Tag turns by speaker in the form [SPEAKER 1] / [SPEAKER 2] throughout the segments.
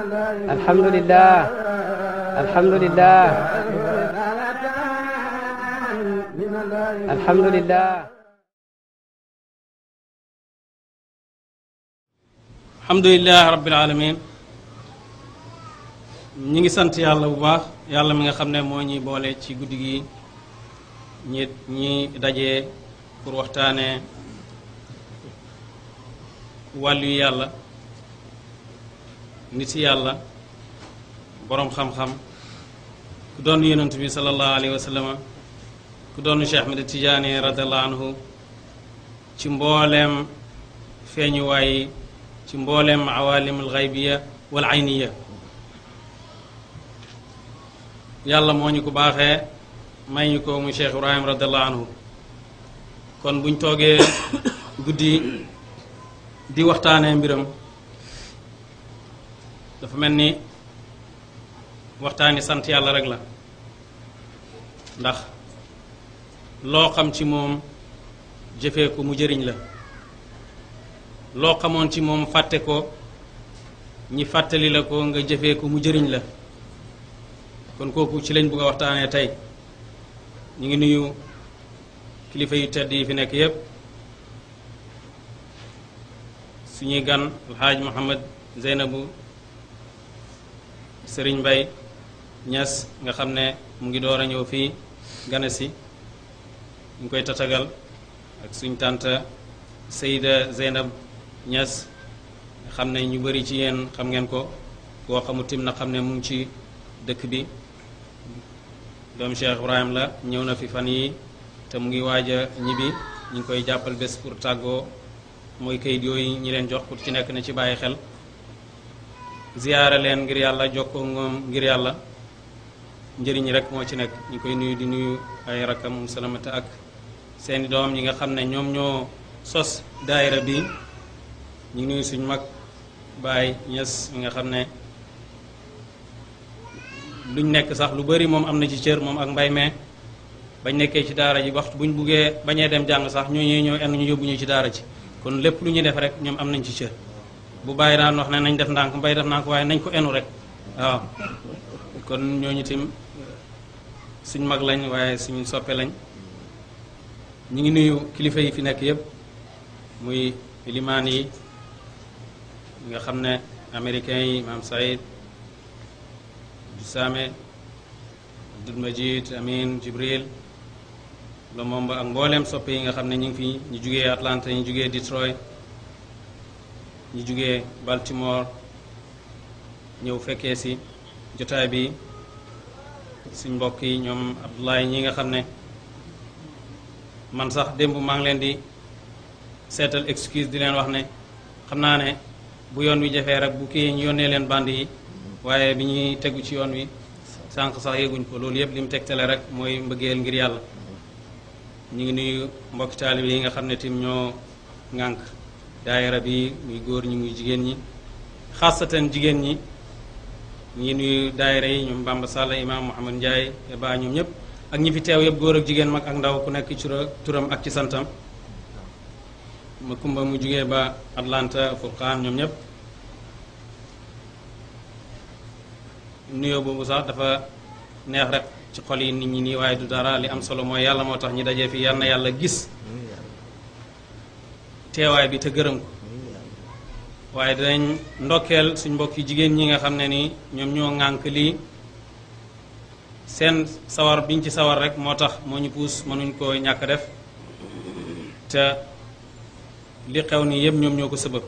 [SPEAKER 1] alhamdulillah alhamdulillah alhamdulillah
[SPEAKER 2] alhamdulilah rabbil alamin ñi ngi sant yàlla bu baax yàlla mi nga xam ne moo ñuy boole ci guddi gi ñi ñi daje pour waxtaane wàllu yàlla nit yàlla boroom xam-xam ku doon yonent bi sallallahu alayhi wa sallam ku doon Cheikh Ahmed Tidiane radiallahu ci mbooleem feeñuwaay ci mbooleem awalim alxaybiya wal ayniya yàlla moo ñu ko baaxee may ñu ko mu Cheikh Ibrahim radiallahu anhu kon buñ toogee guddi di waxtaanee mbiram dafa mel ni waxtaani sant yàlla rek la ndax loo xam ci moom jëfee ko mu jëriñ la loo xamoon ci moom fàtte ko ñi fàttali la ko nga jëfee ko mu jëriñ la kon kooku ci lañ bëgg a waxtaanee tey ñu ngi nuyu kilifa yu tedd yi fi nekk yépp suñuy gan alxaaj Mohammad Zeynabu sëriñ bay Ñas nga xam ne mu ngi door a ñëw fii gane si ñu koy tatagal ak suñ tante Seyda Zeynab Ñas nga xam ne ñu bëri ci yéen xam ngeen ko koo xamu tim na xam ne mu ngi ci dëkk bi doom Cheikh Ibrahim la ñëw na fi fan yi te mu ngi waaja a ñibbi ñu ngi koy jàppal bés pour tàggoo mooy kayit yooyu ñi leen jox pour ci nekk na ci bàyyi xel ziyaara leen ngir yàlla jokkoo moom ngir yàlla njëriñ rek moo ci nekk ñu koy nuyu di nuyu ay rakam salamata ak seeni doom ñi nga xam ne ñoom ñoo sos daayira bi ñu nuyu suñ mag Baay Ñas mi nga xam ne luñ nekk sax lu bari moom am na ci cër moom ak mbay mee bañ nekkee ci daara ji waxtu buñ buggee bañee dem jàng sax ñoo ñoo ñoo enn ñu yóbbu ñu ci daara ji kon lépp lu ñuy def rek ñoom am nañ ci cër bu bàyyi daan wax ne nañ def ndànk mbay def naa waaye nañ ko enu rek waaw kon ñooñu tim suñ mag lañ waaye suñu soppe lañ ñu ngi nuyu kilifa yi fi nekk yëpp muy limaan yi nga xam ne américains yi maam Saïd Saame Abdul Majid Amin Jibril Lomomba ak mbooleem soppe yi nga xam ne ñu ngi fi ñu jugee Atlanta ñu jugee Detroit ñu jugee Baltimore ñëw fekkee si jotaay bi suñ mbokk yi ñoom Abdoulaye ñi nga xam ne man sax démb maa ngi leen di seetal excuse di leen wax ne xam naa ne bu yoon wi jafee rek bu ñu yónnee leen band yi waaye bi ñuy tegu ci yoon wi sanq sax yëguñ ko loolu yëpp li mu tegtale rek mooy mbëggeel ngir yàlla ñu ngi nuyu mbokki taalib yi nga xam ne tim ñoo ŋànk daayira bi muy góor ñi muy jigéen ñi xasatan jigéen ñi ñu ngi nuyu daayira yi ñoom Bamba Sall imaam Mouhamad Ndiaye ba ñoom ñëpp ak ñi fi teew yëpp góor ak jigéen mag ak ndaw ku nekk ci turam ak ci santam ma kumba mu jugee ba Atlanta Furqaan ñoom ñëpp nuyoo boobu sax dafa neex rek ci xol yi nit ñi nii waaye du dara li am solo mooy yàlla moo tax ñi dajee fi yal na yàlla gis teewaay bi te gërëm ko waaye dinañ ndokkeel suñ mbokki jigéen ñi nga xam ne ni ñoom ñoo ŋànk lii seen sawar biñ ci sawar rek moo tax moo ñu puus mënuñ koo ñàkk def te li xew nii yëpp ñoom ñoo ko sëbëb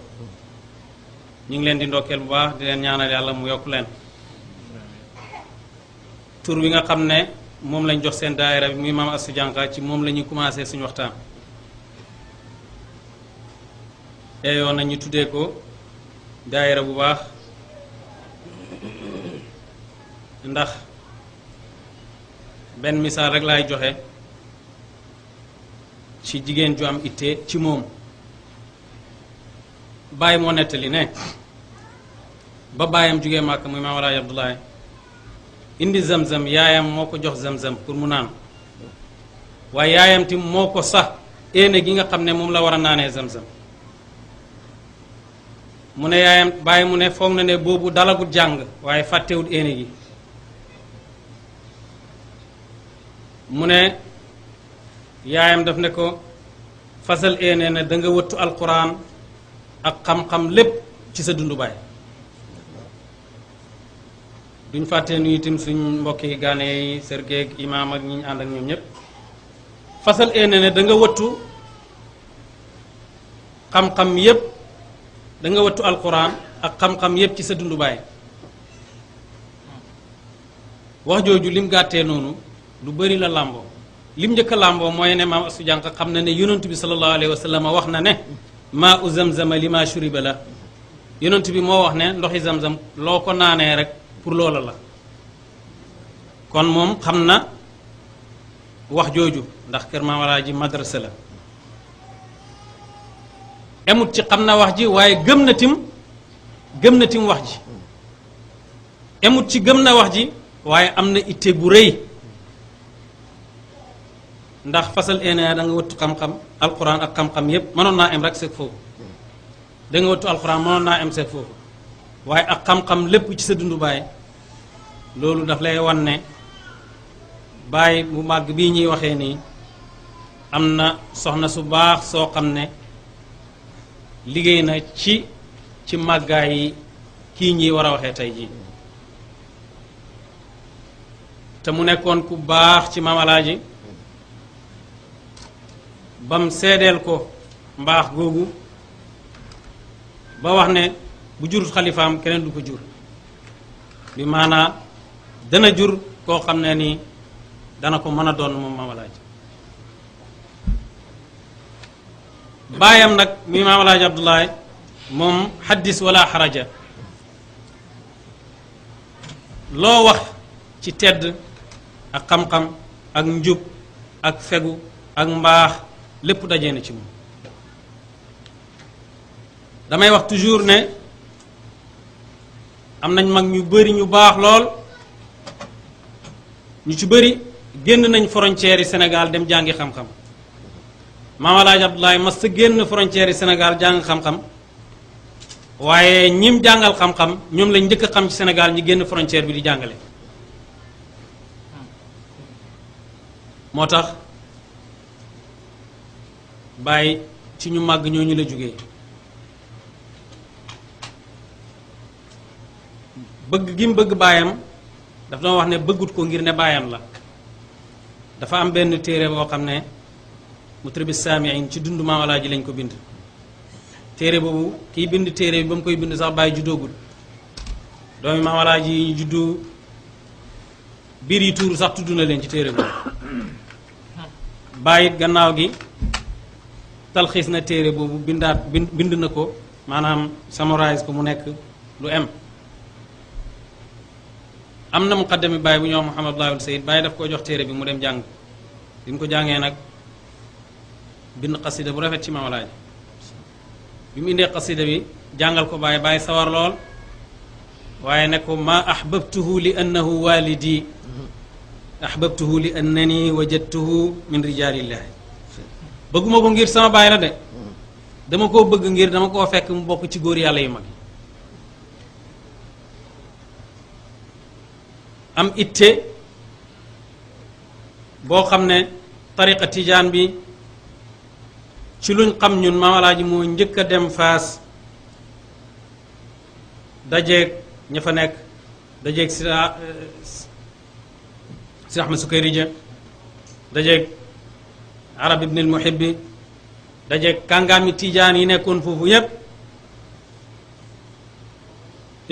[SPEAKER 2] ñu ngi leen di ndokkeel bu baax di leen ñaanal yàlla mu yokk leen tur wi nga xam ne moom lañ jox seen daayira bi muy maam su Jànqa ci moom la ñuy commencé suñu waxtaan Eh, yoon teeyoon nañu tuddee ko daayira bu baax ndax benn misaal rek laay joxe ci jigéen ju am itte ci moom bàyyi moo nettali ne ba bàyyam jógee màkk muy maam Alaaji Abdoulaye indi zam-zam yaayam moo ko jox zam-zam pour mu naan waaye yaayam ti moo ko sax éene gi nga xam ne moom la war a naanee zam-zam mu ne yaayam bàyyi mu ne foog na ne boobu dalagut jàng waaye fàttewut éene gi mu ne yaayam daf ne ko fasal éene ne da nga wëttu alquran ak xam-xam lépp ci sa dundu baay duñ fàtte nu itam suñ mbokk yi gaane imaam ak ñi ñu ànd ak ñoom ñëpp fasal éene ne da wëttu xam-xam yépp danga nga wattu alquran ak xam-xam yépp ci sa dundu baay wax jooju lim gàttee noonu lu bari la làmboo lim njëkk a làmboo mooy ne maam asu jànq xam na ne yonent bi sallallahu alayhi wa sallam wax na ne maa u zamzama li maa shuriba la yonent bi moo wax ne ndoxi zamzam loo ko naanee rek pour loola la kon moom xam na wax jooju ndax kër maam alaaji madrasa la emut ci xam na wax ji waaye gëm na tim gëm na tim wax ji emut ci gëm na wax ji waaye am na itte bu rëy ndax fasal ena da nga wëttu xam-xam alquran ak xam-xam yépp mënoon naa em rek seeg foofu da naa em seeg foofu waaye ak xam-xam lépp ci sa dundu baay loolu daf lay wan ne baay bu màgg bii ñuy waxee nii am na soxna su baax soo xam ne liggéey na ci ci màggaay yi kii ñi war a waxee tey jii te mu nekkoon ku baax ci mamalaaji bam seddeel ko mbaax googu ba wax ne bu jurut xalifaam keneen du ko jur bi maanaa dana jur koo xam ne ni dana ko mën a doon moom mamalaaji baayam nag muy maam alaaji moom xaddis wala xaraja loo wax ci tedd ak xam-xam ak njub ak fegu ak mbaax lépp dajee na ci moom damay wax toujours ne am nañ mag ñu bari ñu baax lool ñu ci bari génn nañ frontière yi Sénégal dem jàngi xam-xam maam Alaaji Abdoulaye sa génn frontière yi Sénégal jàng xam-xam waaye ñim jàngal xam-xam ñoom lañ njëkk a xam ci Sénégal ñi génn frontière bi di jàngale moo tax bàyyi ci ñu màgg ñooñu la jógee bëgg gi mu bëgg baayam daf doon wax ne bëggut ko ngir ne baayam la dafa am benn téere boo xam ne mutrabi saamiin ci dund maawalaa ji lañ ko bind téere boobu kiy bind téere bi ba mu koy bind sax bàyyi juddoogul doomi maawalaa ji yi juddu biir yi tuuru sax tudd na leen ci téere boobu bàyyit gannaaw gi talxiis na téere boobu bindaat bind na ko maanaam summarise ko mu nekk lu m am na muqaddami bàyyi bu ñoo Muhammad Laawul Sayid bàyyi daf ko jox téere bi mu dem jàng bi mu ko jàngee nag bind xasida bu rafet ci Mawlaay bi mu indee xasida bi jàngal ko bàyyi bàyyi sawar lool waaye ne ko maa ahbabtuhu li annahu walidi ahbabtuhu li annani wajadtuhu min rijaalillahi bëgguma ko ngir sama baay la de dama koo bëgg ngir dama koo fekk mu bokk ci góor yàlla yu mag am itte boo xam ne tariqa tijaan bi ci luñ xam ñun maam alaaji moo njëkk a dem faas dajeeg ña fa nekk dajeeg si eh, si ahmad sukkayrija dajeeg arab ibnil muhibbi dajeeg kàngaami tijaan yi nekkoon foofu yépp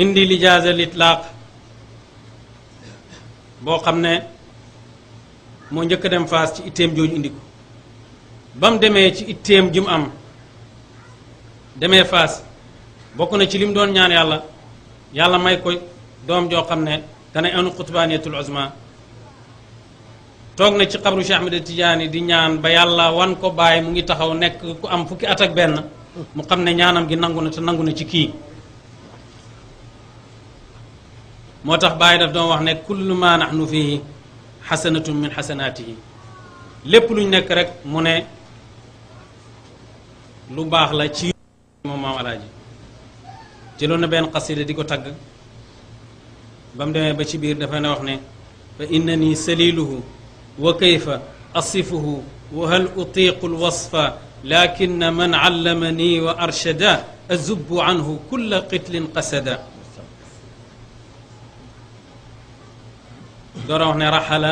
[SPEAKER 2] indi lijaasa litlaaq boo xam ne moo njëkk dem faas ci itteem jooju indi ko ba mu demee ci itteem ji mu am demee fas bokk na ci li mu doon ñaan yàlla yàlla may ko doom joo xam ne dana anu xutbaaniyatul uzma toog na ci xabru Cheikh Ahmed Tidiane di ñaan ba yàlla wan ko bàyyi mu ngi taxaw nekk ku am fukki at ak benn mu xam ne ñaanam gi nangu na te nangu na ci kii moo tax bàyyi daf doon wax ne kullu ma nahnu fii xasanatun min xasanaatihi lépp luñ nekk rek mu ne lu baax la ci moom maam alaaji jëloon na benn xasida di ko tagg ba mu demee ba ci biir dafa ne wax ne fa innani saliluhu wa kayfa asifuhu wa hal utiqu lwasfa lakin man allamani wa arshada azubu anhu kulla qitlin qasada doora wax ne raxala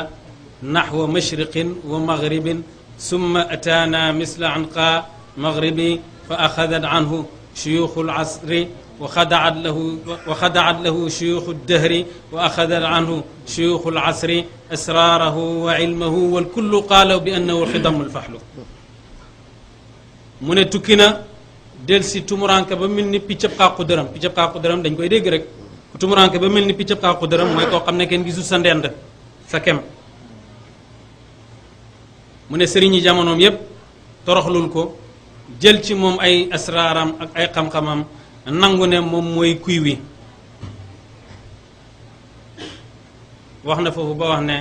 [SPEAKER 2] naxwa mashriqin wa maghribin summa ataana misla anqa maghribi fa axadat anhu shuyuxu lasri wa xadaat lahu wa xadaat lahu shuyuxu dahri wa axadat anhu shuyuxu lasri israarahu wa ilmahu walkullu qaala bi annahu xidamu lfaxlu mu ne tukki na del si tumuranke ba mel ni piccëb xaaqu dërëm piccëb xaaqu dërëm dañ koy dégg rek ku tumuranke ba mel ni piccëb xaaqu dërëm mooy koo xam ne kenn gisul sa ndend sa kem mu ne sëriñi jamonoom yépp toroxlul ko jël ci moom ay asraaram ak ay xam-xamam nangu ne moom mooy kuy wi wax na foofu ba wax ne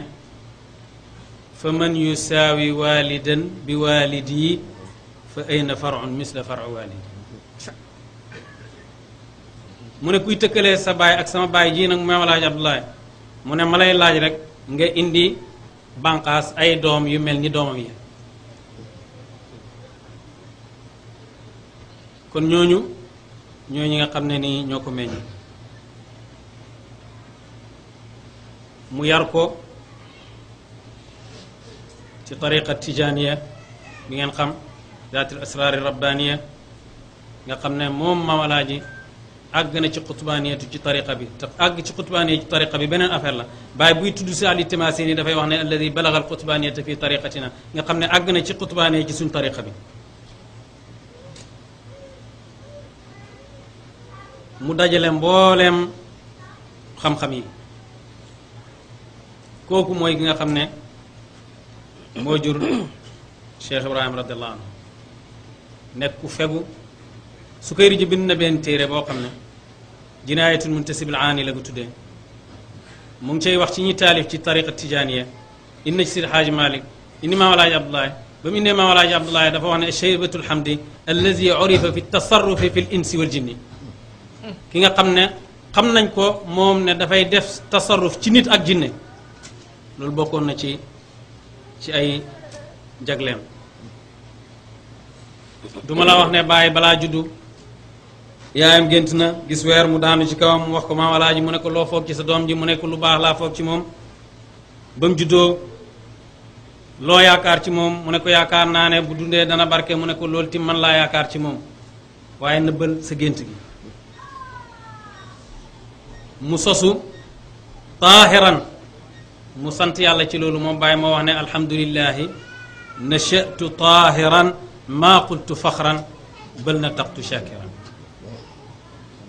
[SPEAKER 2] fa man yusaawi waalidan bi waalidi fa ayna farun misla faru waalidi mu ne kuy tëkkalee sa baay ak sama baay jii nag mu laaj Abdoulaye mu ne ma lay laaj rek nga indi banqaas ay doom yu mel ni doomam yi kon ñooñu ñooñu nga xam ne ni ñoo ko meññ mu yar ko ci tariqa tijaniya bi ngeen xam zaatil asraari rabbaniya nga xam ne moom mawalaaji àgg na ci xutbaaniyatu ci tariqa bi te àgg ci xutbaaniya ci tariqa bi beneen affaire la bàyyi buy tudd si àli timaasi ni dafay wax ne alladi balaga alxutbaaniyata fi tariqatina nga xam ne àgg na ci xutbaaniya ci suñ tariqa bi mu dajale mbooleem xam-xam yi kooku mooy ki nga xam ne moo jur Cheikh Ibrahim radiallahu anhu nekk ku fegu su koy riji bind na benn téere boo xam ne jinaayatul muntasibil aani la ko tuddee mu ngi cay wax ci ñi taalif ci tariqa tijaaniya inna ci sid xaaji malik inni maam alaaji abdoulaye ba mu indee maam alaaji abdoulaye dafa wax ne sheybatul hamdi allazi urifa fi tasarrufi fi l insi wal jinni ki nga xam ne xam nañ ko moom ne dafay def tasarruf ci nit ak jinne loolu bokkoon na ci ci ay jagleem duma laa wax ne bàyyi balaa juddu yaayam gént na gis weer mu daanu ci kawam mu wax ko maam alaaji mu ne ko loo foog ci sa doom ji mu ne ko lu baax laa foog ci moom ba juddoo loo yaakaar ci moom mu ne ko yaakaar naa ne bu dundee dana barke mu ne ko loolu tim man laa yaakaar ci moom waaye nëbbal sa gént gi mu sosu taahiran mu sant yàlla ci loolu moom bàyyi ma wax ne alhamdulillahi nachatu taahiran maa qultu faxran bal nataqtu shakiran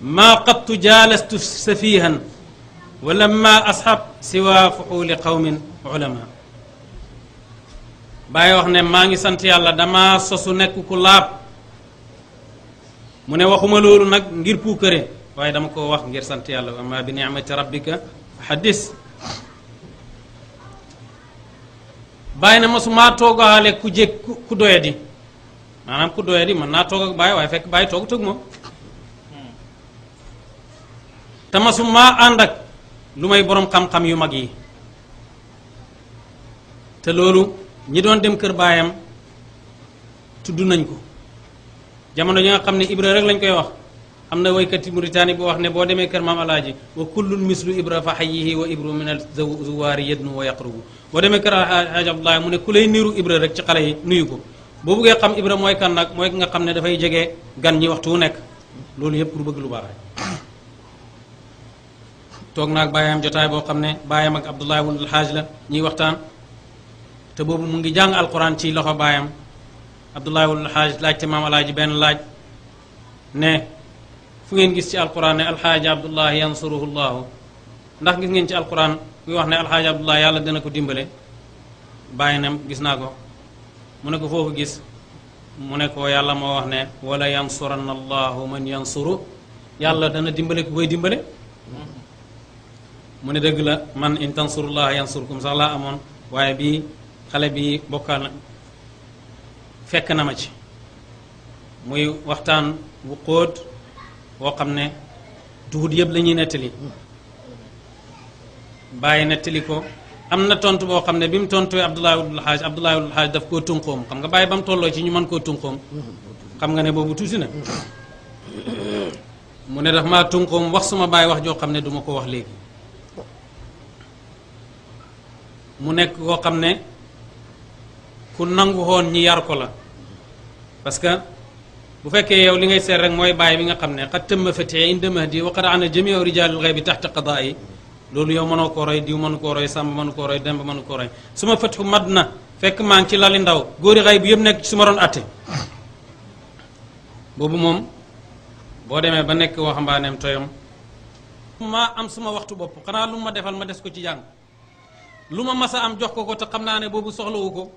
[SPEAKER 2] maa qattu jaalastu safihan wa lamma ashab siwa fuxuuli qawmin ulama bàyyi wax ne maa ngi sant yàlla dama sosu nekk ku laab mu ne waxuma loolu nag ngir puukare waaye dama ko wax ngir sant yàlla amma bi ni'mati rabbika xaddis bàyyi na masumaa toogaale ku jég ku doyadi maanaam ku doyadi mën naa toog ak bàyyi waaye fekk bàyyi toog tëg moom te masumaa ànd ak lu may borom xam-xam yu mag yi te loolu ñi doon dem kër baayam tudd nañ ko jamono ji nga xam ne Ibra rek lañ koy wax am na waykat yi Mauritanie bu wax ne boo demee kër maam alaaji wa kullun mislu ibra fa xayihi wa ibru min al zuwaari yadnu wa yaqrubu boo demee kër alaaji abdoulaye mu ne kul lay niru ibra rek ci xale yi nuyu ko boo buggee xam ibra mooy kan nag mooy ki nga xam ne dafay jege gan ñi waxtu wu nekk loolu yëpp pour bëgg lu baax rek toog naag bàyyam jotaay boo xam ne baayam ak abdoulaye wul alxaaj la ñuy waxtaan te boobu mu ngi jàng alquran ci loxo bàyyam abdoulaye wul alxaaj laajte maam alaaji benn laaj fu ngeen gis ci alquran ne alxaaji abdullah yansuruhu llaahu ndax gis ngeen ci alquran kuy wax ne alxaaji abdullah yàlla dana ko dimbale bàyyi na gis naa ko mu ne ko foofu gis mu ne ko yàlla moo wax ne wala yansuranna allahu man yansuru yàlla dana dimbale ku koy dimbale mu ne dëgg la man in tansurullaha yansurkum sax laa amoon waaye bii xale bi bokkal na fekk na ma ci muy waxtaan bu xóot boo xam ne duhut yëpp lañuy ñuy nettali bàyyi nettali ko am na tontu boo xam ne bi mu tontoo Abdoulaye Abdoul Hadj Abdoulaye Abdoul Hadj daf koo tunqoom xam nga bàyyi ba mu tolloo ci ñu man koo tunqoom xam nga ne boobu tuuti na mu ne daf maa tunqoom wax suma bàyyi wax joo xam ne duma ko wax léegi mu nekk koo xam ne ku nangu woon ñi yar ko la parce bu fekkee yow li ngay seet rek mooy bàyyi bi nga xam ne xat tëmma fatixe inde mahdi wa qad ana jamiu bi tax taxta qadaa yi loolu yow mënoo koo roy diw mënu koo roy sàmm mënu koo roy demb mënu ko roy su ma fatixu mat na fekk maa ngi ci lali ndaw góori xay bi yëpp nekk ci ma doon atte moom boo demee ba nekk waxambaaneem toyam maa am suma waxtu bopp xanaa lu ma defal ma des ko ci jàng lu ma a am jox ko ko te xam naa ne boobu soxlawu ko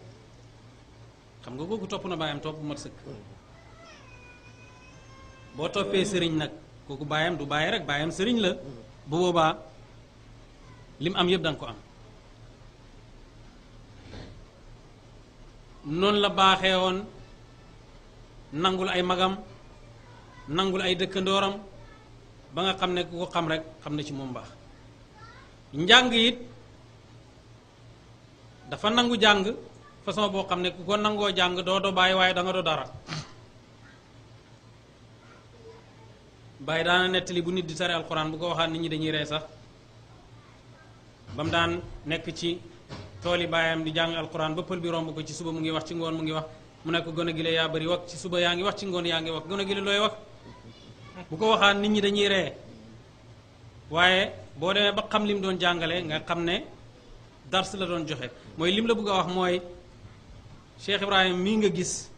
[SPEAKER 2] xam nga kooku topp na bàyyam topp mat sëkk boo toppee sëriñ nag kooku baayam du bàyyi rek baayam sëriñ la bu boobaa li mu am yëpp danga ko am noonu la baaxee woon nangul ay magam nangul ay dëkkandooram ba nga xam ne ku ko xam rekk xam na ci moom baax njàng yit dafa nangu jàng façon boo xam ne ku ko nangoo jàng doo do bàyyi waaye da nga dara bàyyi daana nettali bu nit di tari alxuraan bu ko waxaat nit ñi dañuy ree sax ba mu daan nekk ci tooli baayam di jàng alxuraan ba pël bi romb ko ci suba mu ngi wax ci ngoon mu ngi wax mu nekk gone gi la yaa bëri wax ci suba yaa ngi wax ci ngoon yaa ngi wax gone gi la looy wax bu ko waxaat nit ñi dañuy ree waaye boo demee ba xam lim doon jàngale nga xam ne dars la doon joxe mooy lim la bëgg a wax mooy Cheikh Ibrahim mii nga gis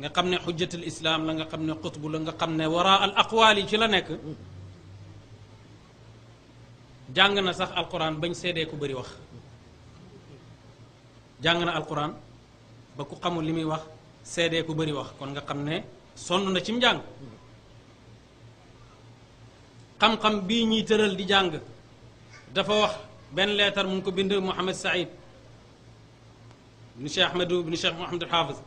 [SPEAKER 2] nga xam ne xujjatul islaam la nga xam ne xutbu la nga xam ne wara al aqwaal ci la nekk jàng na sax alquran bañ seedee ko bari wax jàng na alquran ba ku xamul li muy wax seedee ku bari wax kon nga xam ne sonn na ci mu jàng xam-xam bii ñuy tëral di jàng dafa wax benn leetar mu ko bind Mouhamed Saïd ibnu Cheikh Ahmedou ibnu Cheikh Mouhamed Hafiz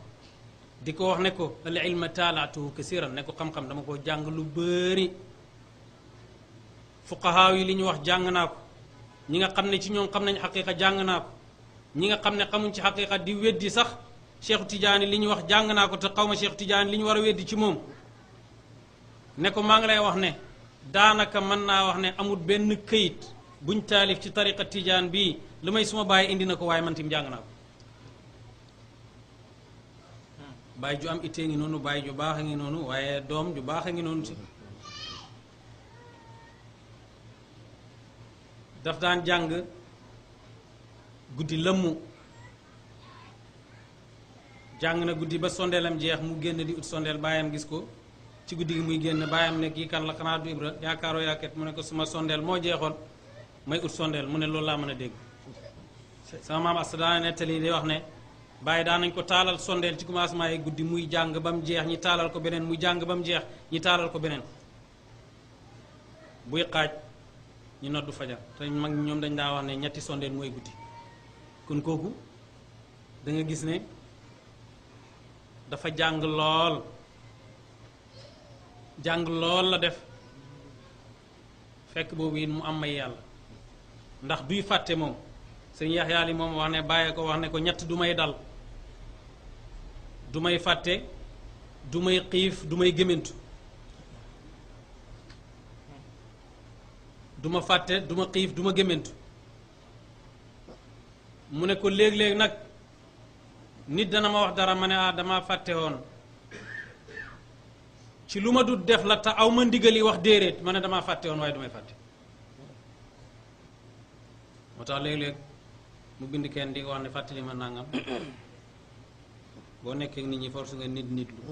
[SPEAKER 2] di ko wax ne ko al ilma taalaatuhu kasiran ne ko xam-xam dama koo jàng lu bëri fuqahaa yi li ñu wax jàng naa ko ñi nga xam ne ci ñoom xam nañ xaqiqa jàng naa ko ñi nga xam ne xamuñ ci xaqiqa di weddi sax cheikhu tijaani li ñu wax jàng naa ko te xaw ma cheikhu tijaani li ñu war a weddi ci moom ne ko maa ngi lay wax ne daanaka mën naa wax ne amul benn këyit buñ taalif ci tariqa tijaan bii lu may suma bàyyi indi na ko waaye man tim jàng naa ko bàyyi ju am ittee ngi noonu bàyyi ju baax a ngi noonu waaye doom ju baax a ngi noonu si daf daan jàng guddi lëmm jàng na guddi ba sondeelam jeex mu génn di ut sondeel baayam gis ko ci guddi gi muy génn baayam ne kii kan la xanaa du ibra yaakaaroo yaaket mu ne ko suma sondeel moo jeexoon may ut sondeel mu ne loolu laa mën a dégg sama maam asta daana nettali day wax ne bàyyi daan nañ ko taalal sondeel ci commencement yi guddi muy jàng ba mu jeex ñi taalal ko beneen muy jàng ba mu jeex ñi taalal ko beneen buy xaaj ñu noddu fajar te mag ñoom dañ daa wax ne ñetti sondeel mooy guddi kon kooku danga gis ne dafa jàng lool jàng lool la def fekk boobu it mu am may yàlla ndax duy fàtte moom sëñ Yaxya li moom wax ne bàyyi ko wax ne ko ñett du may dal du may fàtte du may xiif du may gémmantu duma ma fàtte du ma xiif duma ma gémmantu mu ne ko léeg-léeg nag nit dana ma wax dara ma ne ah dama fàtte woon ci lu ma dul def la te aw ma ndigal yi wax déeréet ma ne dama fàtte woon waaye du may fàtte moo tax léeg-léeg mu bind kenn di wax ne fàttali ma nangam boo nekkee nit ñi force nga nit nit lu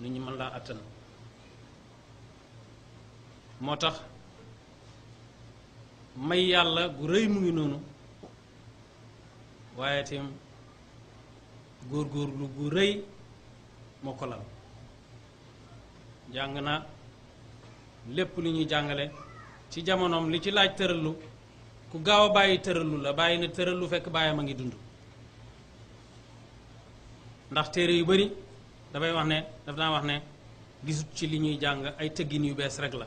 [SPEAKER 2] nit ñi mën laa àttan moo tax may yàlla gu rëy mu ngi noonu waaye itam góorgóorlu gu rëy moo ko jàng naa lépp li ñuy jàngale ci jamonoom li ci laaj tëralu ku gaaw a bàyyi tëralu la bàyyi na lu fekk baayam a ngi dund ndax téere yu bari dafay wax ne daf daan wax ne gisut ci li ñuy jàng ay tëggin yu bees rek la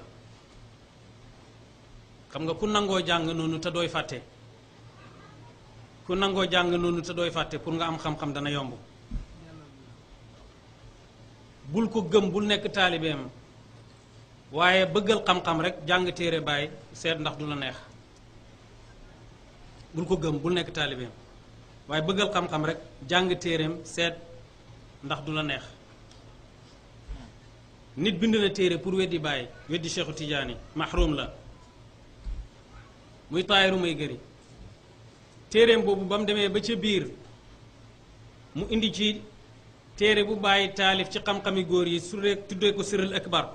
[SPEAKER 2] xam nga ku nangoo jàng noonu te dooy fàtte ku nangoo jàng noonu te dooy fàtte pour nga am xam-xam dana yomb bul ko gëm bul nekk taalibeem waaye bëggal xam-xam rek jàng téere bàyyi seet ndax du la neex bul ko gëm bul nekk taalibeem waaye bëggal xam-xam rek jàng téereem seet ndax du la neex nit bind na téere pour weddi bàyyi weddi Cheikhu Tidiane mahrum la muy taayiru may gëri téereem boobu ba mu demee ba ca biir mu indi ci téere bu bàyyi taalif ci xam-xami góor yi su rek tuddee ko sirrul akbar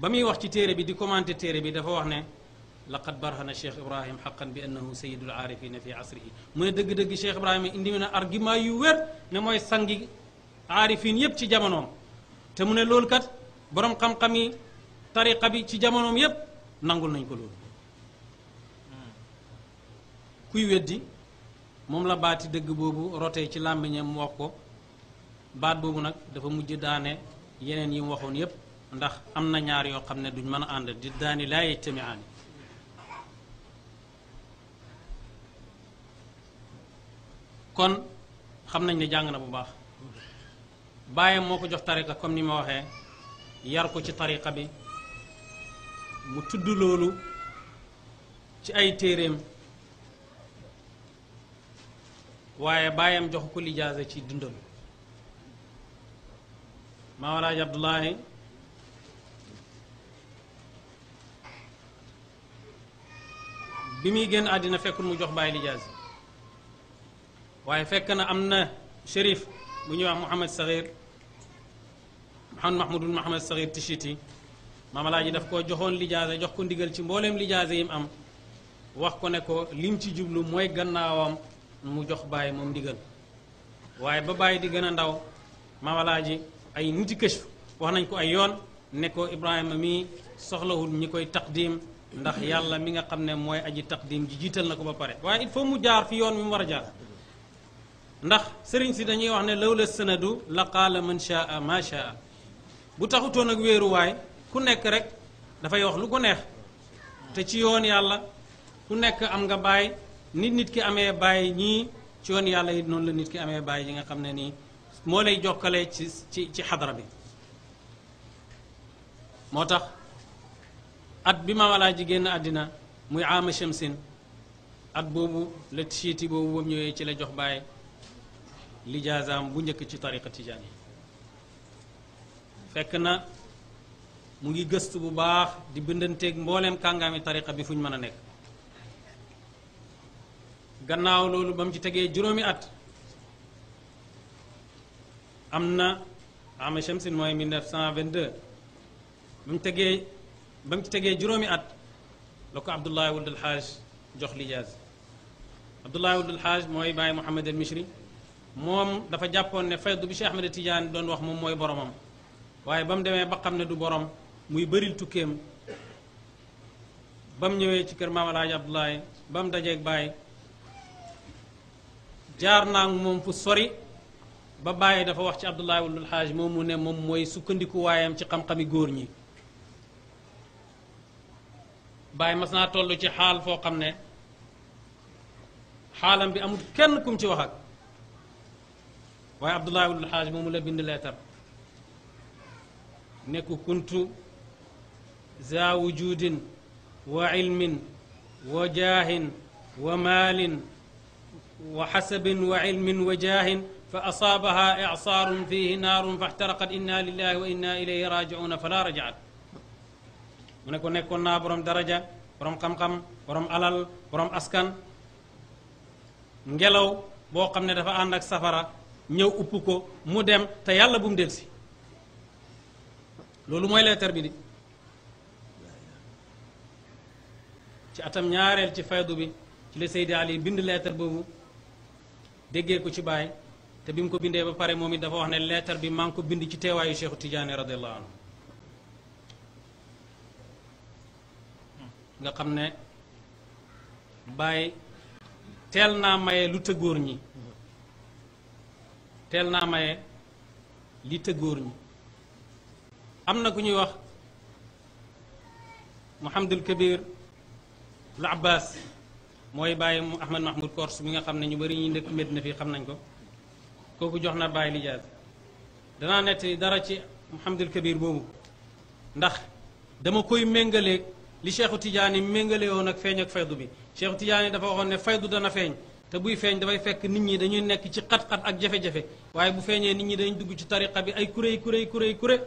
[SPEAKER 2] ba muy wax ci téere bi di commenter téere bi dafa wax ne laqad barhana Cheikh Ibrahim xaqan bi annahu sayidul aarifina fi asrihi mu ne dëgg-dëgg Cheikh Ibrahima indi na argument yu wér ne mooy sangi aarifin yépp ci jamonoom te mu ne loolu kat boroom xam-xam yi tariqa bi ci jamonoom yépp nangul nañ ko loolu kuy weddi moom la baati dëgg boobu rotee ci làmmiñam mu wax ko baat boobu nag dafa mujj daane yeneen yi mu waxoon yépp ndax am na ñaar yoo xam ne duñ mën a ànd di daani laa yejtamiaani kon xam nañ ne jàng na bu baax baayam moo ko jox tariqa comme ni ma waxe yar ko ci tariqa bi mu tudd loolu ci ay téeréem waaye baayam jox ko lijaasa ci dundam Maam Alaaji bi muy génn àddina fekkul mu jox baay lijaasa waaye fekk na am na shérif bu ñuy wax Mouhamed Sakhir Mouhamed Mahmoudul Mouhamed Sakhir Tichiti maamalaa ji daf ko joxoon lijaasa jox ko ndigal ci mbooleem lijaasa yi am wax ko ne ko lim ci jublu mooy gannaawam mu jox bàyyi moom ndigal waaye ba bàyyi di gën a ndaw maamalaa ji ay niti wax nañ ko ay yoon ne ko Ibrahima mii soxlawul ñi koy taqdim ndax yàlla mi nga xam ne mooy aji taqdim ji jiital na ko ba pare waaye il faut mu jaar fi yoon mi mu war a jaar ndax sëriñ si dañuy wax ne lawla sënadu la qaala man shaa ma shaa bu taxutoon ak wéeruwaay ku nekk rek dafay wax lu ko neex te ci yoon yàlla ku nekk am nga baay nit nit ki amee baay ñii ci yoon yàlla it noonu la nit ki amee baay yi nga xam ne nii moo lay jokkale ci ci ci xadara bi moo tax at bi ma walaa ji génn àddina muy aama shamsin at boobu la tiiti boobu bam ñëwee ci la jox baay lijaasaam bu njëkk ci tariqa tijaan yi fekk na mu ngi gëstu bu baax di bindanteeg mbooleem kàngaami tariqa bi fu ñu mën a nekk gannaaw loolu ba mu ci tegee juróomi at am na ama shamsin mooy 1922 ba mu tegee ba mu ci tegee juróomi at la ko Abdoulaye Wuld Alxaaj jox lijaas Abdoulaye Wuld Alxaaj mooy Baay Mouhamed El Mishri moom dafa jàppoon ne faydu bi Cheikh Ahmed Tidiane doon wax moom mooy boromam waaye ba mu demee ba xam ne du borom muy bëril tukkeem ba mu ñëwee ci kër maam Alaaji Abdoulaye ba mu dajeeg Baye jaar naa moom fu sori ba bàyyi dafa wax ci Abdoulaye wulul Xaaj moom mu ne moom mooy sukkandikuwaayam ci xam-xami góor ñi Baye mas naa toll ci xaal foo xam ne xaalam bi amul kenn kum ci wax waaye abdullah ibnul xaaj moomu la bind leetar nekk kuntu za wujudin wa ilmin wa jaahin wa maalin wa xasabin wa ilmin wa jaahin fa asaabaha icsaarun fiihi naarun fa xtaraqat inna lillahi wa inna ilayhi raajicuuna fala rajaat mu ne ko nekkoon naa borom daraja borom xam-xam borom alal borom askan ngelaw boo xam ne dafa ànd ak safara ñëw upp ko mu dem te yàlla bu mu delsi loolu mooy leetar bi di ci atam ñaareel ci faydu bi ci la Seydi Ali bind leetar boobu déggee ko ci baay te bi mu ko bindee ba pare moom it dafa wax ne leetar bi maa ngi ko bind ci teewaayu Cheikhu Tidiane radiallahu anhu nga xam ne baay teel naa maye lu tëgóor ñi teel naa maye li tëgóor ñi am na ku ñuy wax Mouhamadul Kabir lu Abbas mooy bàyyi mu Ahmad Mahmoud Kors bi nga xam ne ñu bari ñuy ndëkk na fii xam nañ ko kooku jox na bàyyi lijaas danaa nettali dara ci mu Mouhamadul Kabir boobu ndax dama koy méngaleeg li Cheikhu Tidiane méngale woon ak feeñ ak faydu bi Cheikhu Tidiane dafa waxoon ne faydu dana feeñ te buy feeñ dafay fekk nit ñi dañuy nekk ci xat-xat ak jafe-jafe waaye bu feeñee nit ñi dañuy dugg ci tariqa bi ay kuréy kure kuréy kure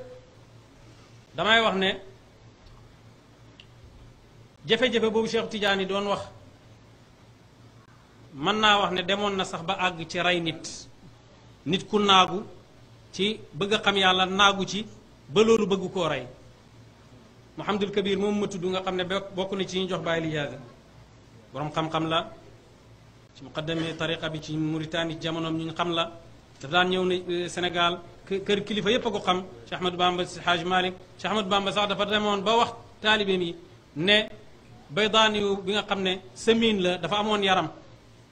[SPEAKER 2] damay wax ne jafe-jafe boobu Cheikh Tidiane doon wax mën naa wax ne demoon na sax ba àgg ci rey nit nit ku naagu ci bëgg xam yàlla naagu ci ba loolu bëgg koo rey Mouhamadul Kabir moom ma tudd nga xam ne bokk na ci ñu jox bàyyi lijaasa boroom xam-xam la ci muqaddame tariqa bi ci Mauritanie jamonoom ñu xam la dafa daan ñëw ne euh, Sénégal kër kilifa yëpp ko xam Cheikh Ahmadou Bamba Haj Malick Cheikh Ahmadou Bamba sax dafa demoon ba wax taalibeem yi ne baydaani yu bi nga xam ne semine la dafa amoon yaram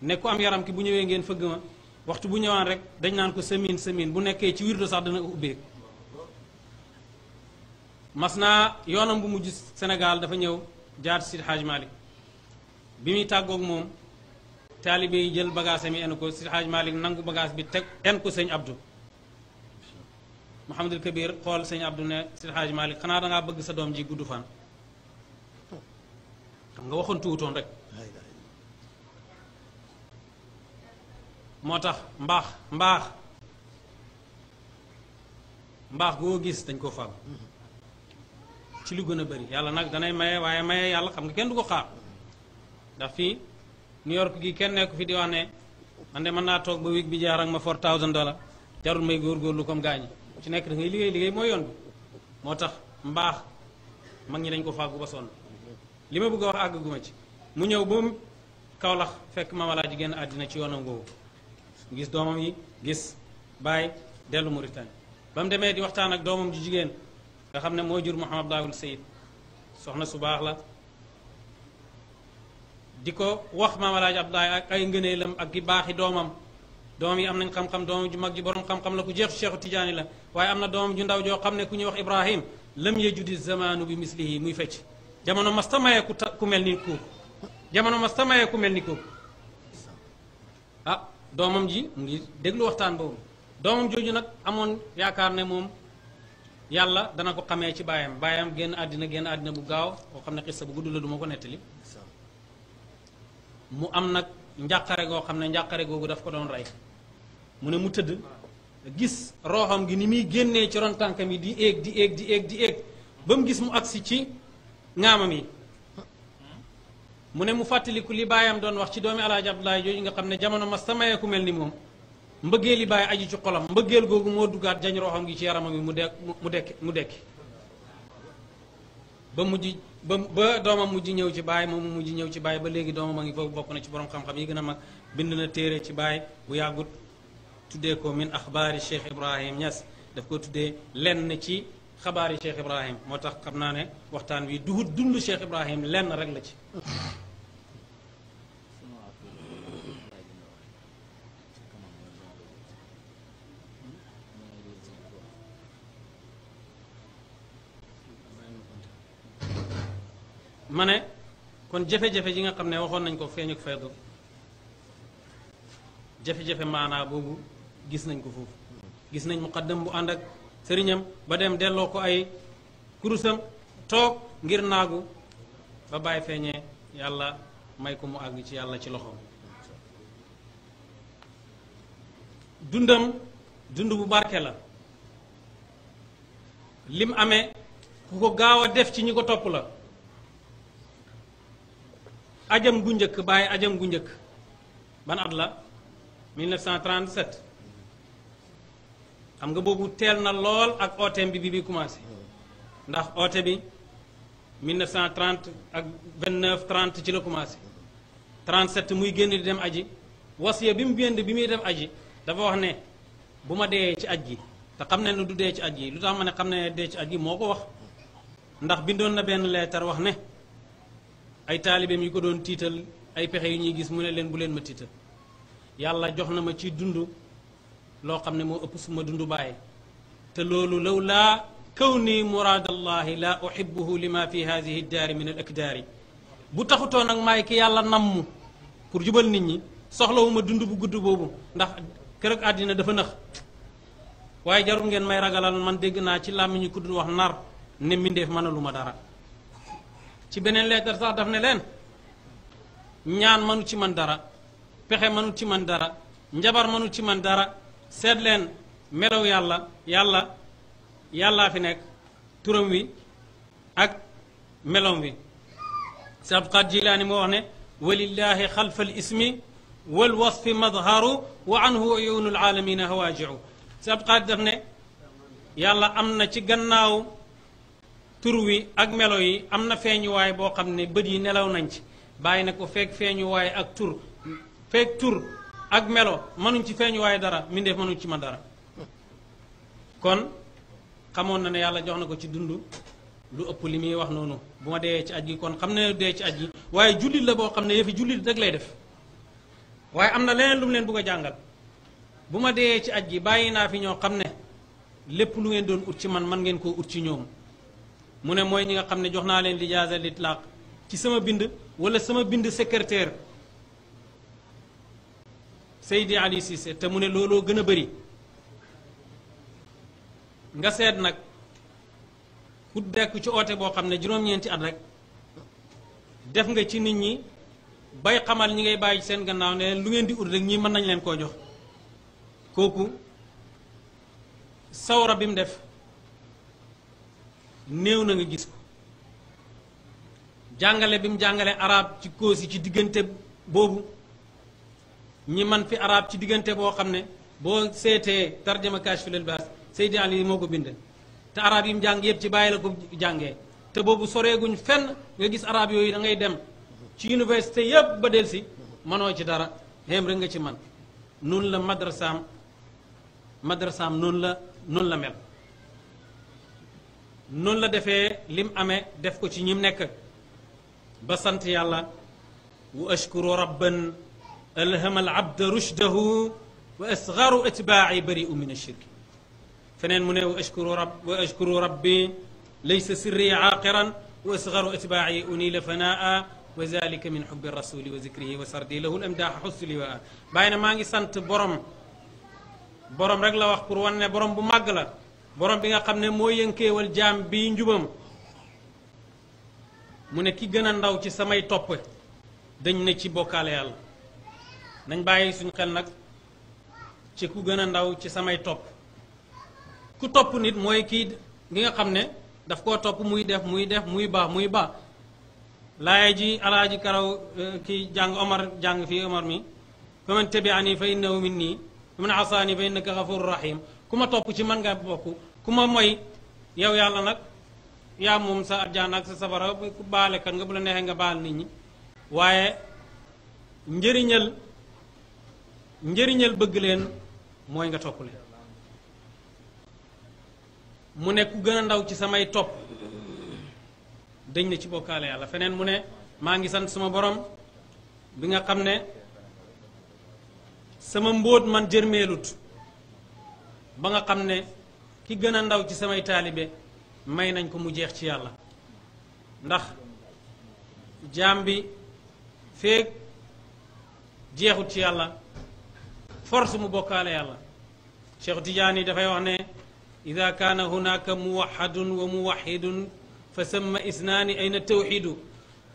[SPEAKER 2] ne am yaram ki bu ñëwee ngeen fëgg ma waxtu bu ñëwaan rek dañ naan ko semine semine bu nekkee ci wirdo sax dana ubbeeku mas naa yoonam bu mujj senegal dafa ñëw jaar si Haj Malick bi muy tàggook moom taalibe yi jël bagaase am yi ko si xaaj Malick nangu bagage bi teg en ko sëñ Abdou Mouhamadul Kabir xool sëñ Abdou ne si xaaj Malick xanaa dangaa bëgg sa doom ji gudd fan xam nga waxoon tuutoon rek moo tax mbaax mbaax mbaax goo gis dañ koo faaw ci lu gën a bari yàlla nag danay maye waaye maye yàlla xam nga kenn du ko xaar ndax fii New York gi kenn nekk fi di wax ne man de mën naa toog ba week bi jaaral ma four thousand dollars jarul may góorgóorlu comme gaañ ci nekk dangay ngay liggéey liggéey mooy yoon bi moo tax mbaax mag ñi dañ ko fàggu ba sonn li ma bëgg a wax àggaguma ci mu ñëw ba Kawlax fekk mamalaa ji génn àddina ci yoonam googu gis doomam yi gis baay dellu Mauritanie ba mu demee di waxtaan ak doomam ju jigéen nga xam ne mooy jur Mouhamed Daawul Seyid soxna su baax la di ko wax maam alaaji abdoulaye ak ay ngëneelam ak gi baaxi doomam doom yi am nañ xam-xam doomam ju mag ji borom xam-xam la ku jeexu cheikhu tijaani la waaye am na doomam ju ndaw joo xam ne ku ñuy wax ibrahim lam yejudi zamanu bi mislihi muy fecc jamono mas tamayee ku ku mel ni jamono mas tamayee ku mel ni ah doomam ji mu ngi déglu waxtaan boobu doomam jooju nag amoon yaakaar ne moom yàlla dana ko xamee ci baayam baayam génn àddina génn àddina bu gaaw koo xam ne xissa bu gudd la du ma ko nettali mu am nag njàqare goo xam ne njàqare googu daf ko doon rey mu ne mu tëdd gis rooxam gi ni muy génnee ci ron tànkam yi di éeg di éeg di éeg ba mu gis mu agsi ci ŋaamam yi mu ne mu fàttaliku li baayam doon wax ci doomi alaaji Abdoulaye jooju nga xam ne jamono ma samaye ku mel ni moom mbëggee li baay aju ci xolam mbëggeel googu moo duggaat jañ rooxam gi ci yaramam yi mu de mu dekki mu dekki ba mujj ba ba doomam mujj ñëw ci baay moom mu mujj ñëw ci baay ba léegi doomam a ngi foofu bokk na ci borom xam-xam yi gën a mag bind na téere ci baay bu yàggut tuddee ko min axbaari Cheikh Ibrahim Niass daf ko tuddee lenn ci xabaari Cheikh Ibrahim moo tax xam naa ne waxtaan wi du dund Cheikh Ibrahim lenn rek la ci ma ne kon jafe-jafe yi nga xam ne waxoon nañ ko feeñ ak faydu jafe-jafe maanaa boobu gis nañ ko foofu gis nañ muqaddam bu ànd ak sëriñam ba dem delloo ko ay kurusam toog ngir naagu ba bàyyi feeñee yàlla may ko mu àgg ci yàlla ci loxoom dundam dund bu barke la lim amee ku ko gaaw def ci ñi ko topp la ajam gu njëkk bàyyi ajam gu njëkk ban at la 1937 xam nga boobu teel na lool ak ooteem bi bi bi commencé ndax oote bi 1930 ak 29 30 ci la commencé 37 muy génn di dem aji wasiya bi mu génn bi muy dem aji dafa wax ne bu ma dee ci aj gi te xam ne ne du dee ci aj gi lu tax ma ne xam ne dee ci aj gi moo ko wax ndax bindoon na benn leetar wax ne ay taalibeem yi ko doon tiital ay pexe yu ñuy gis mu ne leen bu leen ma tiital yàlla jox na ma ci dund loo xam ne moo ëpp suma dund bàyyi te loolu law laa kawni muraadallahi laa uhibbuhu lima fi hadihi daari min al akdaari bu taxutoon ak maay ki yàlla namm pour jubal nit ñi soxlawuma dund bu gudd boobu ndax kër ak àddina dafa nax waaye jarul ngeen may ragalal man dégg naa ci làmmiñu ku dul wax nar ne mbindeef mënalu ma dara ci beneen leetar sax daf ne leen ñaan mënu ci man dara pexe mënu ci man dara njabar mënu ci man dara seet leen melow yàlla yàlla yàllaa fi nekk turam wi ak melom wi sabqat jilaani moo wax ne walillahi xalfa al ismi wal wasfi madharu wa anhu uyunu al alamina hawajiu sabqat daf ne yàlla am na ci gannaaw tur wi ak melo yi am na feeñuwaay boo xam ne bët yi nelaw nañ ci bàyyi na ko fekk feeñuwaay ak tur fekk tur ak melo mënuñ ci feeñuwaay dara mbindeef mënuñ ci ma dara kon xamoon na ne yàlla jox na ko ci dund lu ëpp li muy wax noonu bu ma dee ci aj gi kon xam ne dee ci aj gi waaye jullit la boo xam ne yëfi jullit rek lay def waaye am na leneen lu mu leen bëgg a jàngal bu ma dee ci aj gi bàyyi naa fi ñoo xam ne lépp lu ngeen doon ut ci man man ngeen koo ut ci ñoom mu ne mooy ñi nga xam ne jox naa leen lijaaza litlaaq ci sama bind wala sama bind secrétaire Seydi Ali Cissé te mu ne looloo gën a bëri nga seet nag ku dekk ci oote boo xam ne juróom-ñeenti at rek def nga ci nit ñi bay xamal ñi ngay bàyyi ci seen gannaaw ne lu ngeen di ut rek ñii mën nañ leen koo jox kooku sawara bi mu def néew na nga gis ko jàngale bi mu jàngale arab ci Kossy ci diggante boobu ñi man fi arab ci diggante boo xam ne boo seetee tarjama Kashful Ilbaas Seydi Ali moo ko bind te arab yi mu jàng yëpp ci bàyyi la ko jàngee te boobu soreeguñu fenn nga gis araab yooyu dangay dem ci université yëpp ba delsi manoo ci dara xéem rek nga ci man noonu la madrasaam madrasaam noonu la noonu la mel noonu la defee lim amee def ko ci ñim nekk ba sant yàlla wa ashkuru rabban alhama al abda rushdahu wa asgaru atbaa'i bari'u min ashirki feneen mu ne wa ashkuru rab wa ashkuru rabbi laysa sirri aaqiran wa asgaru atbaa'i unila fanaa wa zalika min xubbi rasuli wa zikrihi wa sardi lahu lamdaaxa xussu liwaa bàyyi na maa ngi sant borom borom rek la wax pour wan ne borom bu màgg la borom bi nga xam ne moo yënkeewal jaam bi njubam mu ne ki gën a ndaw ci samay topp dañ ne ci bokkaale yàlla nañ bàyyi suñ xel nag ci ku gën a ndaw ci samay topp ku topp nit mooy kii gi nga xam ne daf koo topp muy def muy def muy baax muy baax laaya ji alaaji karaw eh, kii jàng omar jàng fii omar mi fa man tabiani fa innahu nii wa man asaani fa innaka xafuru rahim ku ma topp ci mën nga bokk ku ma moy yow yàlla nag yaa moom sa àjjana ak sa safara ku baale kan nga bu la neexee nga baal nit ñi waaye njëriñal njëriñal bëgg leen mooy nga topp leen mu ne ku gën a ndaw ci samay topp dañ ne ci bokkaale yàlla feneen mu ne maa ngi sant sama borom bi nga xam ne sama mbóot man jërmeelut ba nga xam ne ki gën a ndaw ci samay taalibe may nañ ko mu jeex ci yàlla ndax jaam bi feeg jeexut ci yàlla force mu bokkaale yàlla Cheikh Tidiane dafay wax ne ida kaana hunaka muwaxadun wa muwaxidun fa samma isnaani ayna tawxidu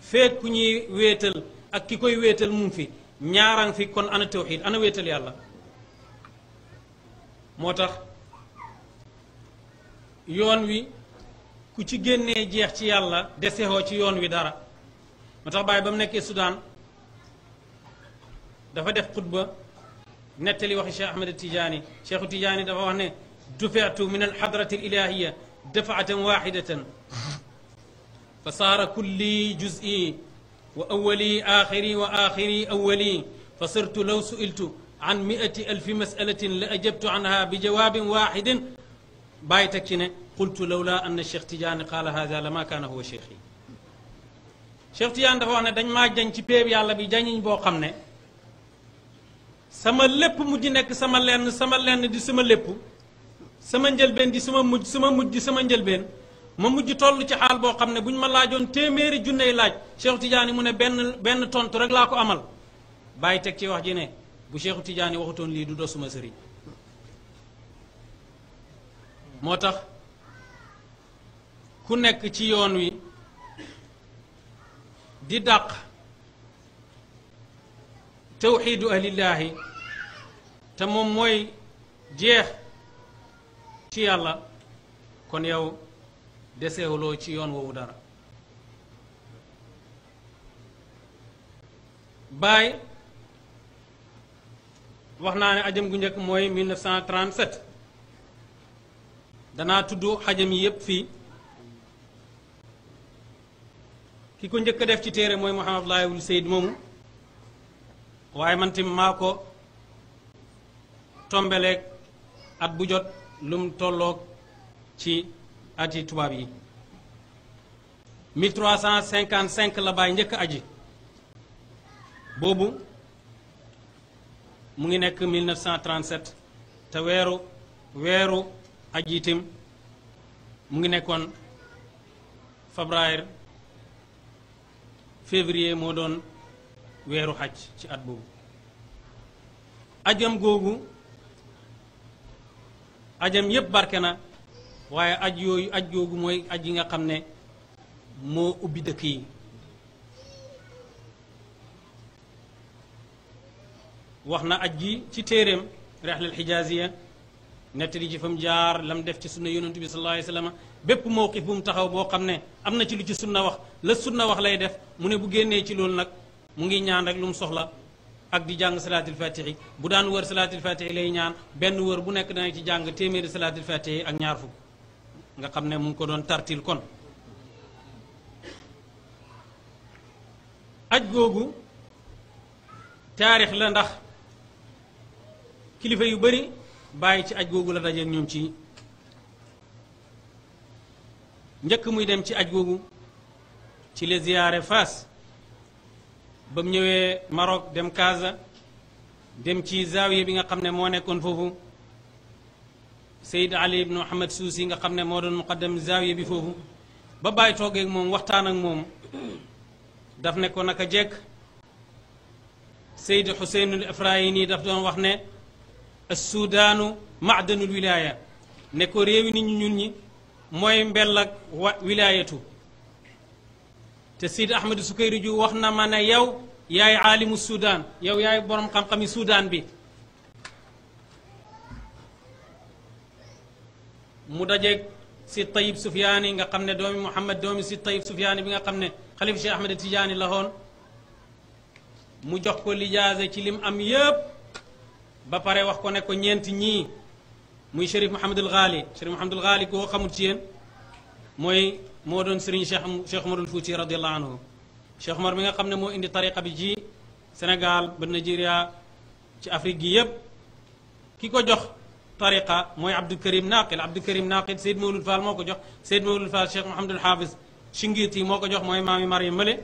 [SPEAKER 2] feet ku ñuy weetal ak ki koy weetal mu fi ñaarang fi kon ana tawxid ana wéetal yàlla moo tax yoon wi ku ci génnee jeex ci yàlla desexoo ci yoon wi dara moo tax bàyyi ba mu nekkee Soudan dafa def xutba nettali waxi Cheikh Ahmed Tidiane Cheikhu Tidiane dafa wax ne dufiatu min alxadrati alilahiya dafaatan waxidatan fa saara kulli juz'i wa awali axiri wa axiri awali fa sirtu law suiltu an miati alfi masalatin la ajabtu anha bi jawaabin waaxidin bàyyi teg cheikh tidiane qaala hada la ma dañ maa jañ ci yàlla bi jañiñ boo xam ne sama lépp mujj nekk sama lenn sama lenn di sama lépp sama njëlbeen di sama mujj sama mujj sama njëlbeen ma mujj toll ci xaal boo xam ne bu ma laajoon téeméeri junney laaj Cheikh Tidiane mu ne benn benn tontu rek laa ko amal bàyyi teg ci wax ji ne bu Cheikhu Tidiane waxutoon lii du dosuma sëriñ moo tax ku nekk ci yoon wi di dàq tawxiidu ahlillaahi te moom mooy jeex ci yàlla kon yow deseewuloo ci yoon woowu dara baay wax naa ne ajam gu njëkk mooy 1937 danaa tudd xajam yi yëpp fii ki ko njëkk def ci téere mooy Mouhamadulaay wul Seyd moomu waaye man maa ko tombeleeg at bu jot lum tolloog ci ati tubaab yi 1355 la bàyyi njëkk aji boobu mu ngi nekk 1937 te weeru weeru aji itam mu ngi nekkoon février février moo doon weeru xaj ci at boobu ajam googu ajam yépp barke na waaye aj yooyu aj googu mooy aj yi nga xam ne moo ubbi dëkk yi wax na aj gi ci téeréem rexlal xijaaziya nettali ji fa jaar lam def ci sunna yonentu bi sallallahu alayhi wasallam bépp mawqif bu mu taxaw boo xam ne am na ci lu ci sunna wax la sunna wax lay def mu ne bu génnee ci loolu nag mu ngi ñaan rek lu mu soxla ak di jàng salaatul fatihi bu daan wër salaatul fatihi lay ñaan benn wër bu nekk dana ci jàng téeméeri salaatul fatihi ak ñaar fukk nga xam ne mu ngi ko doon tartil kon aj googu taarix la ndax kilifa yu bari bàyyi ci aj googu la dajeek ñoom ci njëkk muy dem ci aj googu ci les ziyaare Fass ba mu ñëwee Maroc dem Casa dem ci zaawiya bi nga xam ne moo nekkoon foofu Seyd Ali ibn Muhammad Suusi nga xam ne moo doon muqaddam zaawiya bi foofu ba bàyyi toogee moom waxtaan ak moom daf ne ko naka jekk Seyd Xuseynul Ifrayini daf doon wax ne assudaanu maadanul wilaaya ne ko réewi nit ñu ñun ñi mooy mbell wilaayatu te Seydi Ahmadu Sukayri ju wax na ma ne yow yaay aalimu Soudan yow yaay borom xam-xami Soudan bi mu dajeeg si Tayib Sufyaani nga xam ne doomi Muhammad doomi si Tayib Sufyaani bi nga xam ne xalifa Cheikh Ahmed mu jox ko lijaase ci lim am yépp ba pare wax ko ne ko ñeenti ñii muy Cherif Mouhamadul Ghali Cherif Mouhamadul Ghali koo xamul ci yéen mooy moo doon Serigne Cheikh Cheikh Omarul Fouti radiyallahu anhu Cheikh mi nga xam ne moo indi tariqa bi ji Sénégal ba Nigeria ci Afrique gi yépp ki ko jox tariqa mooy Abdou Karim Naqil Abdou Karim Naqil Seyd Mawlud Fall moo ko jox Seyd Mawlud Fall Cheikh Mouhamadul Hafiz Shingiiti moo ko jox mooy maami Mariam Male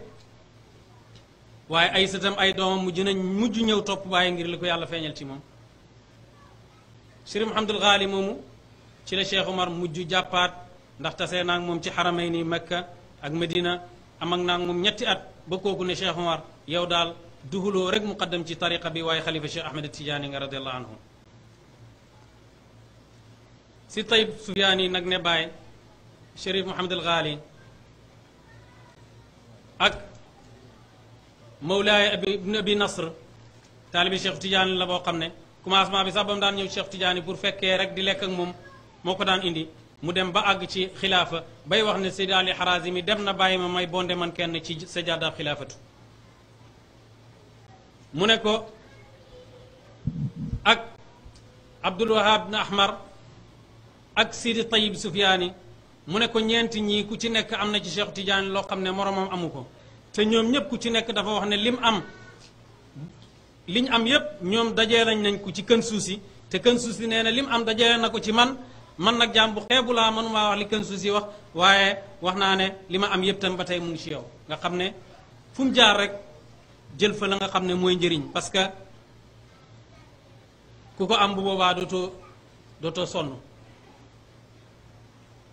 [SPEAKER 2] waaye ay sëtam ay doomam mujj nañ mujj ñëw topp bàyyi ngir la ko yàlla feeñal ci moom Sëriñ Mouhamadul Xaali moomu ci la Cheikh Omar mujj jàppaat ndax tasee naa moom ci xaramay ni Makka ak Medina am ak moom ñetti at ba kooku ne Cheikh Omar yow daal duhuloo rek muqaddam ci tariqa bi waaye xalifa Cheikh Ahmed Tidiane nga radiallahu anhu si tayib sufyaan yi ne baay Chérif Mouhamadul Xaali ak Mawlaay Abi Nasr taalibi Cheikh Tidiane la boo xam ne commencement bi sax ba mu daan ñëw Cheikh Tidiane pour fekkee rek di lekk ak moom moo ko daan indi mu dem ba àgg ci xilaafa bay wax na Seydi Ali mi dem na bàyyi ma may bonde man kenn ci sajaadaab xilaafatu mu ne ko ak Abdul Wahab na Ahmar ak Sidi Tayib Sufiyaani mu ne ko ñeenti ñii ku ci nekk am na ci Cheikh Tidiane loo xam ne moromam amu ko te ñoom ñëpp ku ci nekk dafa wax ne lim am li am yépp ñoom dajee nañ ko ci kën suuf si te kën suuf si nee na lim am dajee na ko ci man man nag jaam bu xeebu laa mënumaa wax li kën suuf si wax waaye wax naa ne li ma am yépp tam ba tey mu ngi ci yow nga xam ne fu mu jaar rek jël fa la nga xam ne mooy njëriñ parce que ku ko am bu boobaa dootoo dootoo sonn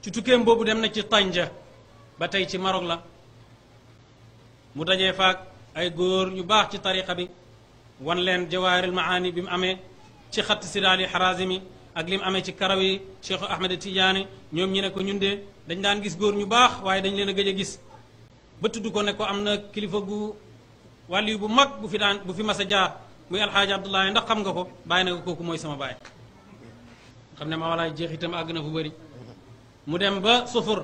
[SPEAKER 2] ci tukkeem boobu dem na ci Tanja ba tey ci Maroc la mu dajee faak ay góor yu baax ci tariqa bi wan leen jawaahirul maani bi mu amee ci xatt sidaali xaraasimi ak li mu amee ci karaw yi cheikhu ahmed tidiane ñoom ñi ne ko ñun de dañ daan gis góor ñu baax waaye dañ leen a gëj a gis ba tudd ko ne ko am na kilifa gu wàlliyu bu mag bu fi daan bu fi mas a jaar muy alxaaji abdoulaye ndax xam nga ko bàyyi na kooku mooy sama baay xam ne ma walaay jeexitam itam àgg na fu bëri mu dem ba sofor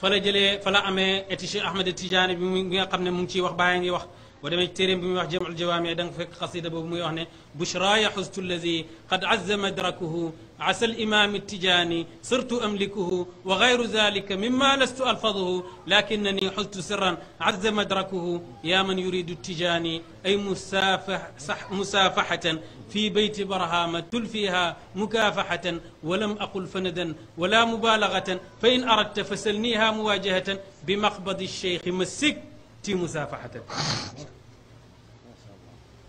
[SPEAKER 2] fa la jëlee fa la amee eti cheikh ahmed tidiane bi mu nga xam ne mu ngi ciy wax bàyyi ngi wax boo demee ci téeréem bi muy wax jamul jawaami da nga fekk xasida boobu muy wax ne bushraaya xustu alladi qad azza madrakuhu asa alimaami tijaani sirtu amlikuhu wa gayru zalika mimma lastu alfaduhu lakinani xustu sirran azza madrakuhu yaa man yuridu tijaani ay musaafaxatan fi bayti barhama tulfiha mukaafaxatan walam aqul fanadan wala mubalagatan fa in aradta fasalniha muwaajahatan bi maqbadi alcheikhi massik tiimu saafaxata bi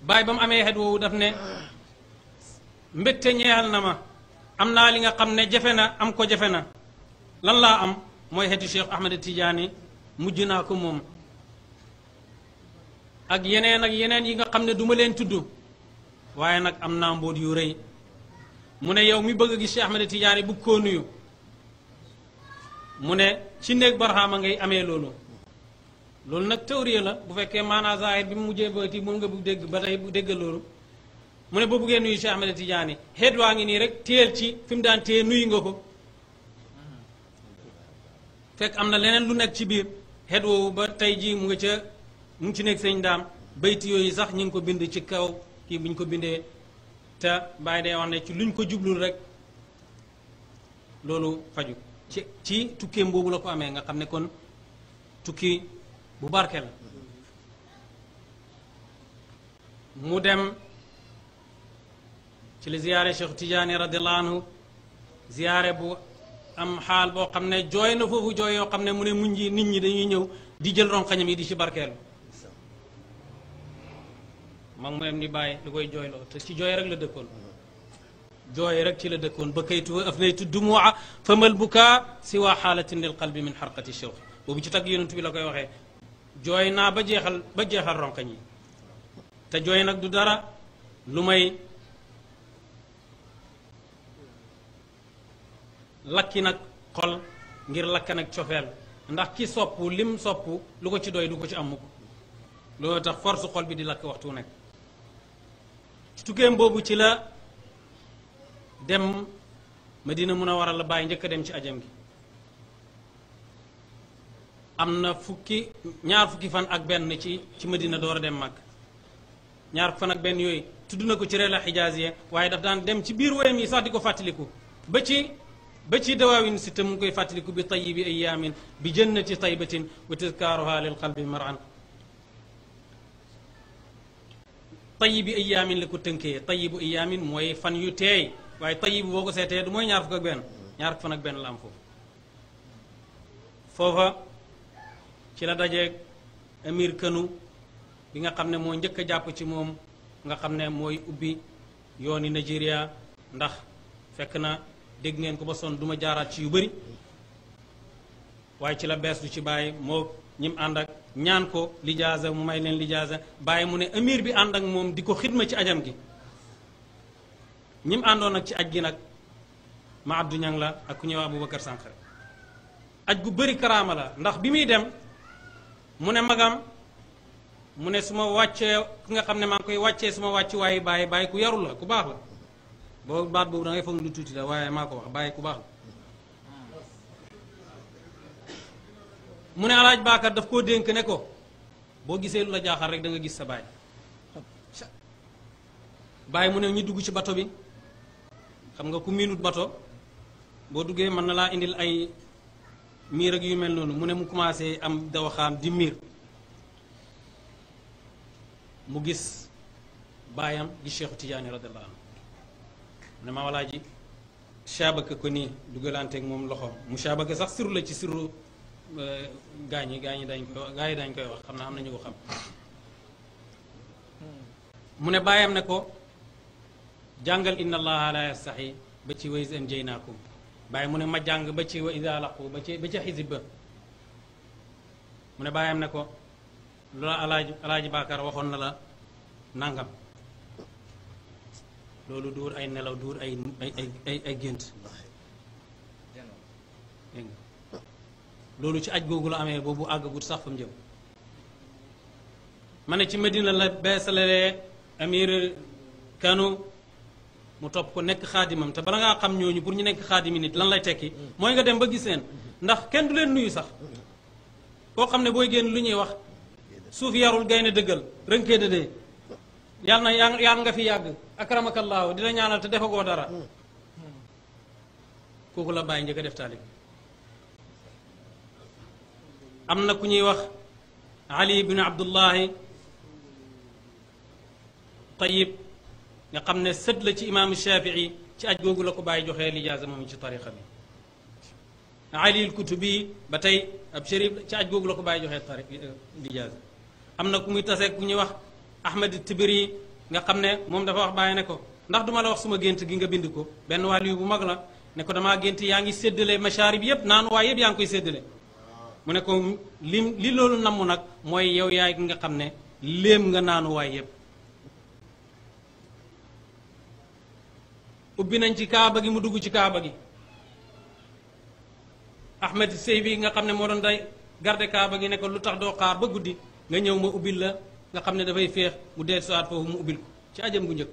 [SPEAKER 2] bàyyi ba mu amee xet woowu daf ne mbégte ñeexal na ma am naa li nga xam ne jafe na am ko jafe na lan laa am mooy xetu Cheikh Ahmed Tidiane mujj naa ko moom ak yeneen ak yeneen yi nga xam ne duma leen tudd waaye nag am naa mbóot yu rëy mu ne yow mi bëgg gis Cheikh Ahmed Tidiane bugg koo nuyu mu ne ci néeg barxaama ngay amee loolu loolu nag théorie la bu fekkee maanaa zaahir bi mu mujjee baati mun nga bu dégg ba tey bu dégg loolu mu ne boo buggee nuyu Cheikh Ahmed Tidiane xeet waa ngi nii rek téyel ci fi mu daan téye nuyu nga ko fekk am na leneen lu nekk ci biir xeet woowu ba tey jii mu nga ca mu ngi ci nekk sëñ daam bayti yooyu sax ñu ngi ko bind ci kaw kii bu ñu ko bindee te bàyyi day wax ne ci luñ ko jublul rek loolu faju ci ci tukkeem boobu la ko amee nga xam ne kon tukki bu barkeel mu dem ci li ziyaare Cheikh Tidiane radiallahu anhu ziyaare bu am xaal boo xam ne jooy na foofu jooy yoo xam ne mu ne muñ ji nit ñi dañuy ñëw di jël ronxañam yi di ci barkeelu mag mu dem ni bàyyi lu koy jooyloo te ci jooy rek la dëkkoon jooy rek ci la dëkkoon ba kaytu afnaytu dumua famal bukaa siwa xaalatin lil qalbi min xarqati shawqi boobu ci tagg yonent bi la koy waxee jooy naa ba jeexal ba jeexal ronkañ yi te jooy nag du dara lu may lakki nag xol ngir lakka nag cofeel ndax ki sopp lim soppu lu ko ci doy du ko ci am mukk loolu tax force xol bi di lakk waxtu nekk ci tukkeem boobu ci la dem dina mun a waral la bàyyi njëkk dem ci ajam gi am na fukki ñaar fukki fan ak benn ci ci dina door a dem mag ñaar fan ak benn yooyu tudd na ko ci reela xijaaziya waaye daf daan dem ci biir woyam yi sax di ko fàttaliku ba ci ba ci dawaawin si te mu ngi koy fàttaliku bi tayibi bi jannati taybatin wa tizkaaruha lil qalbi maran tayibi ayaamin la ko tënkee tayibu ayaamin mooy fan yu teey waaye tayibu boo ko seetee du mooy ñaar fukk ak benn ñaar fukk fan ak benn la am foofu foofa ci la dajeeg amir kënu bi nga xam ne moo njëkk a jàpp ci moom nga xam ne mooy ubbi yooni Nigeria ndax fekk na dégg ngeen ko ba sonn duma jaaraat ci yu bari waaye ci la bees du ci bàyyi moo ñim ànd ak ñaan ko lijaasa mu may leen lijaasa bàyyi mu ne amir bi ànd ak moom di ko xidma ci ajam gi ñim àndoon ak ci aj gi nag ma abdu ñang la ak ku ñëw Aboubacar Sànqare aj gu bëri karaama la ndax bi muy dem mu ne magam mu ne suma ma wàccee ki nga xam ne maa koy wàccee suma ma wàcc waaye bàyyi bàyyi ku yarul la ku baax la boobu baat boobu da foog lu tuuti la waaye maa ko wax bàyyi ku baax la mu ne alaaj baakar daf koo dénk ne ko boo gisee lu la jaaxal rek danga gis sa baay baay mu ne ñu dugg ci bato bi xam nga ku miinut bato boo duggee mën na laa indil ay miir ak yu mel noonu mu ne mu commencé am dawaxaam di miir mu gis baayam di Cheikhu Tijaani radiyallahu anhu mu ne ma walaa ji saabaka ko nii dugalanteeg moom loxo mu saabaka sax siru la ci siru euh, gaañ yi gaañ yi dañ koy dañ koy wax xam naa am na ñu ko xam mu ne baayam ne ko jàngal inna allaha la yastahi ba ci ways naa ko baay mu ne ma jàng ba ci wa ida laqu ba ci ba ci xisib ba mu ne bàyyam ne ko loola alaaji alaaji Bakar waxoon na la nangam loolu duur ay nelaw duur ay ay gént loolu ci aj googu la amee boobu àggagut sax fa mu jëm ma ne ci Medina la beesalee amir Kano mu topp ko nekk xaadimam te bala ngaa xam ñooñu pour ñu nekk xaadimi nit lan lay tekki mooy nga dem ba gis leen ndax kenn du leen nuyu sax koo xam ne booy génn lu ñuy wax suuf yarul gaynde dëggal rënkee dëdee yàlla na yàlla nga fi yàgg akramakallaahu dina ñaanal te defagoo dara kooku la bàyyi njëkk a def taalib am na ku ñuy wax ali ibn abdullahi tayib nga xam ne sët la ci imaamu Shafii ci aj googu la ko bàyyi joxee lijaasa moom ci tariqa bi alil kutubi ba tey ab shérif ci aj googu la ko bàyyi joxee tari eh, lijaasa am na ku muy tasee ku ñuy wax Ahmad yi nga xam ne moom dafa wax bàyyi ne ko ndax duma la wax suma gént gi nga bind ko benn wàllu bu mag la ne ko damaa gént yaa ngi séddale masharib yëpp naan waay yëpp yaa ngi koy séddale mu ne ko li li loolu namm nag mooy yow yaay gi nga xam ne léem nga naanuwaay yëpp ubbi nañ ci kaaba gi mu dugg ci kaaba gi Ahmed Sey bi nga xam ne moo doon day garde kaaba gi ne ko lu tax doo xaar ba guddi nga ñëw ma ubbil la nga xam ne dafay féex mu dee saat foofu mu ubbil ko ci ajam gu njëkk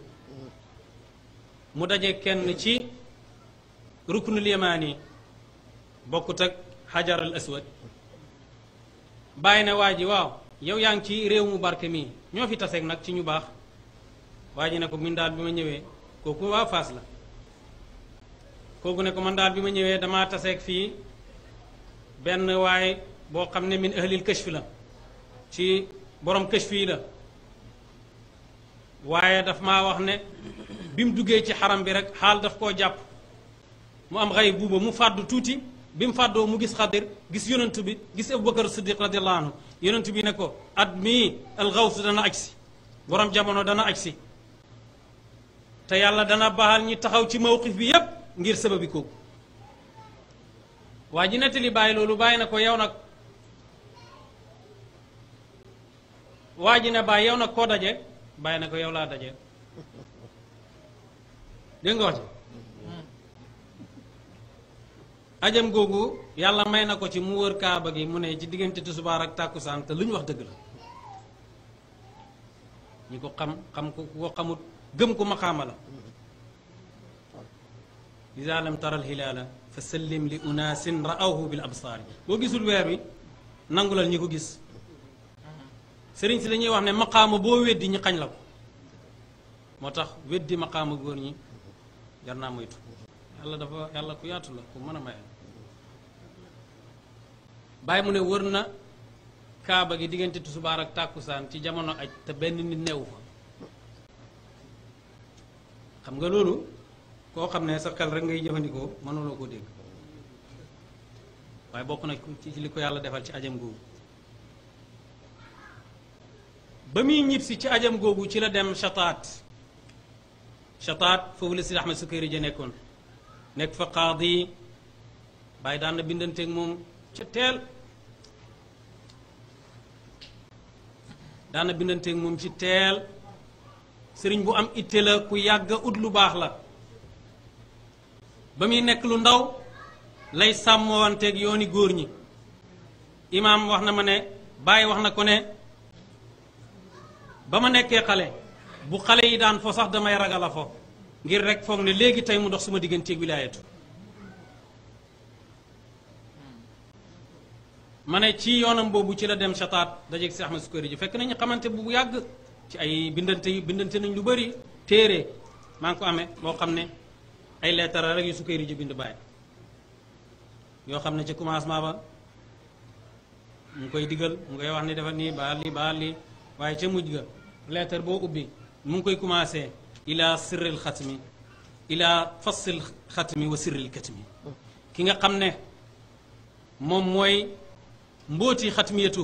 [SPEAKER 2] mu daje kenn ci ruknul yamaani bokkut ak xajar al aswad bàyyi na waa ji waaw yow yaa ngi ci réew mu barke mii ñoo fi taseeg nag ci ñu baax waa ji ne ko muñ daal bi ma ñëwee kooku waa Faas la kooku ne ko man daal bi ma ñëwee damaa taseeg fii benn waay boo xam ne min ahlil kashf la ci borom kashf yi la waaye daf ma wax ne bi mu duggee ci xaram bi rek xaal daf koo jàpp mu am xay buuba mu fàdd tuuti bi mu fàddoo mu gis xadir gis yonent bi gis abubakar siddiq radiallahu anhu yonent bi ne ko at mii alxaws dana agsi borom jamono dana agsi te yàlla dana baal ñi taxaw ci mawqif bi yépp ngir sababi kooku waa ji nettali bàyyi loolu bàyyi na ko yow nag waa ji ne bàyyi yow nag koo daje bàyyi na ko yow laa daje dégg nga wax ci ajam googu yàlla may na ko ci mu wër kaaba gi mu ne ci diggante tusubaar ak tàkkusaan te lu ñu wax dëgg la ñu ko xam xam ku ko xamut gëm ku ma xaama ida lam tara alhilaala fa sallim li unaasin ra'awhu bil absaari boo gisul weer wi nangulal ñi ko gis sëriñ si dañuy wax ne maqaama boo weddi ñi xañ la ko moo tax weddi maqaama góor ñi jar naa moytu yàlla dafa yàlla ku yaatu la ku mën a maye bàyyi mu ne wër na kaaba gi diggante tusubaar ak tàkkusaan ci jamono aj te benn nit neewu fa xam nga loolu koo xam ne sa xel rek ngay jëfandikoo mënuloo koo dégg waaye bokk na ci li ko yàlla defal ci ajam googu ba muy ñib si ci ajam googu ci la dem chataat chataat foofu la si Ahmad Sukayri ja nekkoon nekk fa qaadi bàyyi daan na moom ca teel daan na bindanteeg moom ci teel sëriñ bu am itte la ku yàgg ut lu baax la ba muy nekk lu ndaw lay sàmmoonteeg yooni góor ñi imaam wax na ma ne bàyyi wax na ko ne ba ma nekkee xale bu xale yi daan foo sax damay ragal a fo ngir rek foog ne léegi tey mu dox suma digganteeg wilaayatu ma ne ci yoonam boobu ci la dem chataat dajeeg si Ahmed Sukari ji fekk nañu xamante bu yàgg ci ay bindante yi bindante nañ lu bari téere maa ko amee moo xam ne ay leetara rek yu Sukayri ji bind bàyyi yoo xam ne ci commencement ba mu koy diggal mu koy wax ni dafa nii baal li baal li waaye ca mujj ga leetar boo ubbi mu ngi koy commencé ila sirril xatmi ila fassil xatmi wa sirril katmi ki nga xam ne moom mooy mbóoti xatmiyatu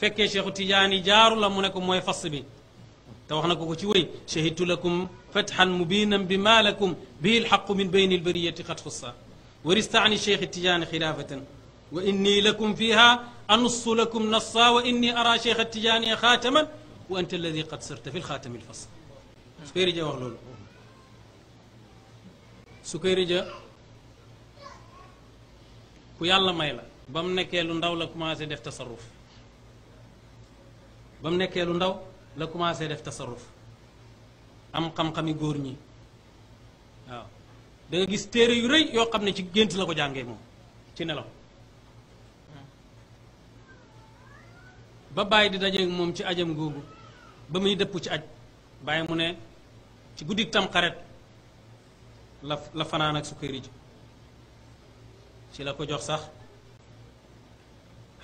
[SPEAKER 2] fekkee Cheikhu Tijaani jaaru la mu ne ko mooy fass bi te wax na ko ko ci wéy shahidtu lakum fathan mubinan bi ma lakum bihi lxaqu min bayni albariyati qad xussa waristaani cheikh tijaani xilaafatan wa inni lakum fiha anussu lakum nassa wa inni ara cheikh tijaani xaataman wa anta alladi qad sirta fi lxaatami lfasl Sukayri Ja wax loolu Sukayri Ja ku yàlla may la ba mu nekkee lu ndaw la commencé def tasarruf ba mu nekkee lu ndaw la commencé def tasarruf am xam-xami góor ñi waaw danga gis téere yu rëy yoo xam ne ci gént la ko jàngee moom ci nelaw ba bàyyi di dajeeg moom ci ajam googu ba muy dëpp ci aj bàyyi mu ne ci guddik tam xaret la la fanaan ak sukkari ji ci la ko jox sax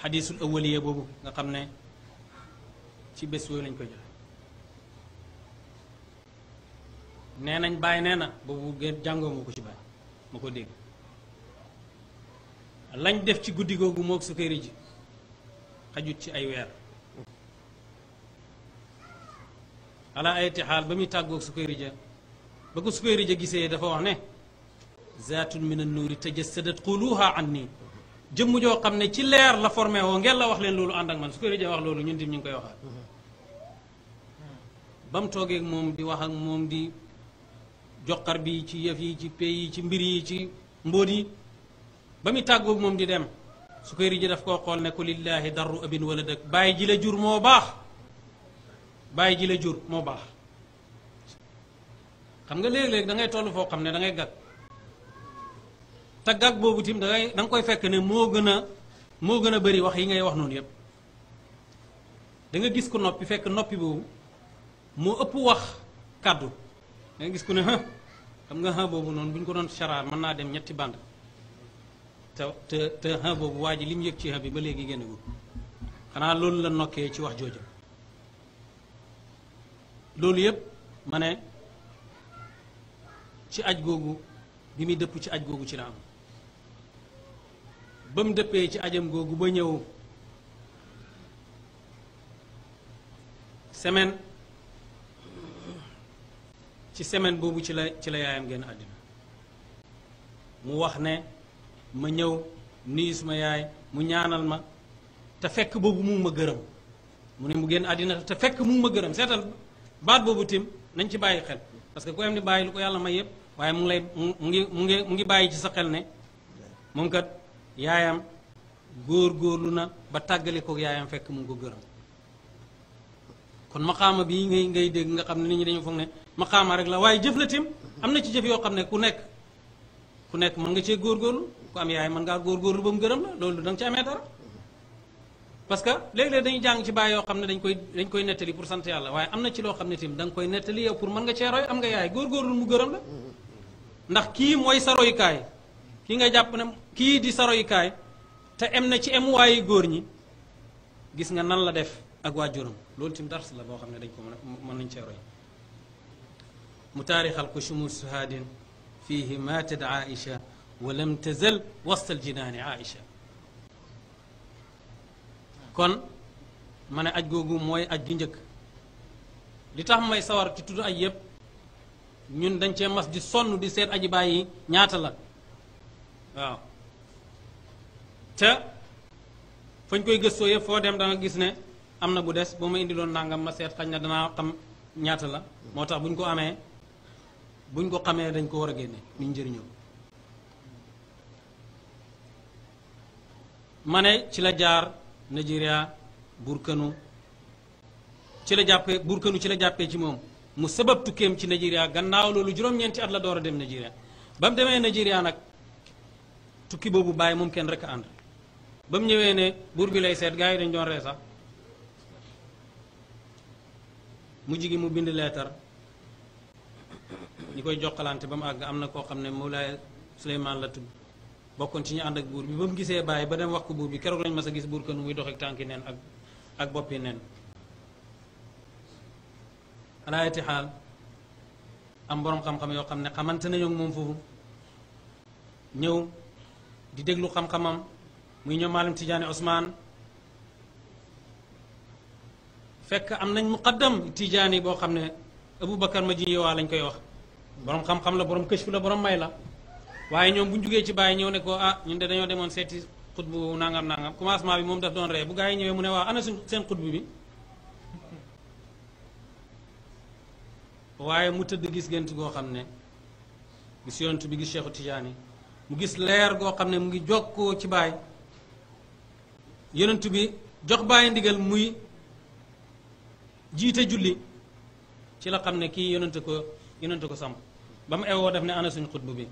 [SPEAKER 2] xadiisul awaliya boobu nga xam ne ci bés yooyu lañ ko jox nee nañ bàyyi nee na boobu gën jàngoo moo ko ci bàyyi ma ko dégg lañ def ci guddi googu moog sukkari ji xajut ci ay weer ala ay tixaal ba muy tàggoog sukkari ja ba ko gisee dafa wax ne zaatun min an nuuri tajassadat quluha an nii jëmm joo xam ne ci leer la formé woo ngeen la wax leen loolu ànd ak man sukkari ja wax loolu ñun tim ñu ngi koy waxaat mm-hmm. ba mu toogee moom di wax ak moom di joxar bi ci yëf yi ci pays yi ci mbir yi ci mbóot yi ba muy tàggoo moom di dem su koy ji daf koo xool ne ku lillaahi darru abin wala dëkk bàyyi ji la jur moo baax bàyyi ji la jur moo baax xam nga léeg-léeg da ngay toll foo xam ne dangay ngay gàgg te gàgg boobu tim da danga koy fekk ne moo gën a moo gën a bari wax yi ngay wax noonu yépp danga gis ko noppi fekk noppi boobu moo ëpp wax kàddu da nga gis ko ne ah xam nga ah boobu noonu bu ñu ko doon charaar mën naa dem ñetti band te te te boobu waa ji li mu yëg ci ah bi ba léegi génnagul xanaa loolu la nokkee ci wax jooju loolu yëpp ma ne ci aj googu bi muy dëpp ci aj googu ci la am ba mu dëppee ci ajam googu ba ñëw semaine ci semaine boobu ci la ci la yaayam génn àddina mu wax ne ma ñëw nuyu suma yaay mu ñaanal ma te fekk boobu mu ma gërëm mu ne mu génn àddina te fekk mu ma gërëm seetal baat boobu tim nañ ci bàyyi xel parce que ku am ni bàyyi lu ko yàlla may yëpp waaye mu ngi lay mu ngi mu ngi mu ngi bàyyi ci sa xel ne moom kat yaayam góor-góorlu na ba tàggale ko yaayam fekk mu ngi ko gërëm kon maqaama bi ngay ngay dégg nga xam ne nit ñi dañu foog ne maqaama rek la waaye jëf la tim am na ci jëf yoo xam ne ku nekk ku nekk mën nga cee góor góorgóorlu ku am yaay mën ngaa góorgóorlu ba mu gërëm la loolu danga ci amee dara parce que léeg-léeg dañuy jàng ci baay yoo xam ne dañ koy dañ koy nettali pour sant yàlla waaye am na ci loo ne tim da nga koy nettali yow pour mën nga cee roy am nga yaay góorgóorlu mu gërëm la ndax kii mooy saroyukaay royukaay kii nga jàpp ne kii di saroyukaay te em na ci emuwaayu góor ñi gis nga nan la def ak waajuram loolu tim dars la boo xam ne dañ ko mën nañ cee mu taarixal ko chumu fii fiihi maatat aïcha wa lam tazal wastal jinaani aïcha kon ma ne aj googu mooy aj gi njëkk li tax may sawar ci tudd aj yépp ñun dañ cee mas di sonn di seet aji bàyyi ñaata la waaw te fañ koy gëstoo yëpp foo dem da gis ne am na bu des boo ma indiloon nangam ma seet xañ na danaa xam ñaata la moo tax buñ ko amee buñ ko xamee dañ ko war a génne niñ njëriñoo ma ne ci la jaar Nigeria kënu ci la jàppee kënu ci la jàppee ci moom mu sabab tukkeem ci Nigeria gannaaw loolu juróom-ñeenti at la door a dem Nigeria ba mu demee Nigeria nag tukki boobu bàyyi moom kenn rek a ànd ba mu ñëwee ne buur bi lay seet gars dañ doon ree sax mu jigi mu bind leetar ñi koy jokkalante ba mu àgg am na koo xam ne Moulaye Souleymane la tudd bokkoon ci ñu ànd ak buur bi ba mu gisee bàyyi ba dem wax ko buur bi keroog lañ ma a gis buur kën muy dox ak tànki neen ak ak boppi neen alaayati xaal am boroom xam-xam yoo xam ne xamante nañu moom foofu ñëw di déglu xam-xamam muy ñoom Maalim Tijaani Ousmane fekk am nañ muqaddam Tijaani boo xam ne Aboubacar ma ji yowaa lañ koy wax borom xam-xam la borom këshfu la boroom may la waaye ñoom bu ñu jugee ci bàyyi ñëw ne ko ah ñun de dañoo demoon seeti xutbu nangam nangam commencement bi moom daf doon ree bu gaa yi ñëwee mu ne waaw ana suñ seen xutbu bi waaye mu tëdd gis gént goo xam ne gis yonent bi gis Cheikhu Tijaani mu gis leer goo xam ne mu ngi jokkoo ci baay yonent bi jox bàyyi ndigal muy jiite julli ci la xam ne kii yonent ko yonentu ko samp ba mu eewoo def ne ana suñ xutbu bi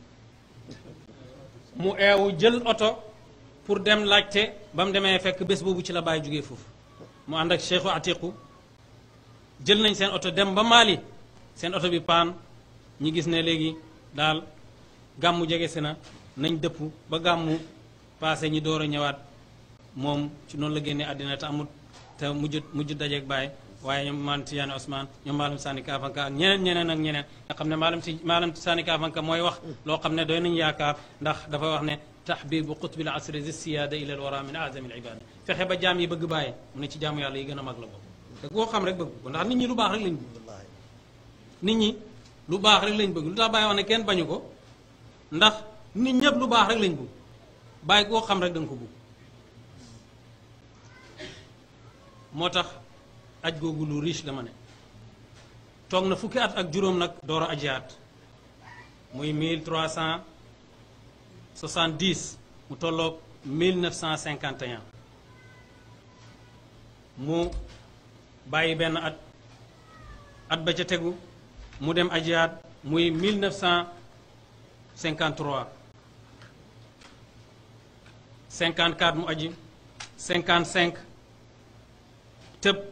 [SPEAKER 2] mu eewu jël oto pour dem laajte ba mu demee fekk bés boobu ci la bàyyi jógee foofu mu ànd ak Cheikhu Atiqu jël nañ seen oto dem ba Mali seen oto bi paan ñi gis ne léegi daal gàmmu jege si na nañ dëpp ba gàmmu paase ñi door a ñëwaat moom ci noonu la génnee àddina te amut te mujj mujj dajeeg bàyyi waaye ñoom maalam Tidiane Ousmane ñoom maalam Sani Kafanka ak ñeneen ñeneen ak ñeneen xam ne maalam ti maalam Sani Kafanka mooy wax loo xam ne doy nañ yaakaar ndax dafa wax ne tax biir tahbibu qutbil asri di siyaada ila alwara min azami alibada fexe ba jaam yi bëgg bàyyi mu ne ci jaamu yàlla yi gën a mag la boobu te koo xam rek bëgg ko ndax nit ñi lu baax rek lañ bëgg nit ñi baax lañ bëgg lu tax bàyyi wax ne kenn bañu nit ñëpp lu baax rek lañ bëgg bàyyi xam rek da ko bëgg moo tax aj googu lu riche dama ne toog na fukki at ak juróom nag door a ajiyaat muy 1370 mu tolloog 1951 mu bàyyi benn at at ba ca tegu mu dem ajiyaat muy 1953 54 mu aji 55 tëb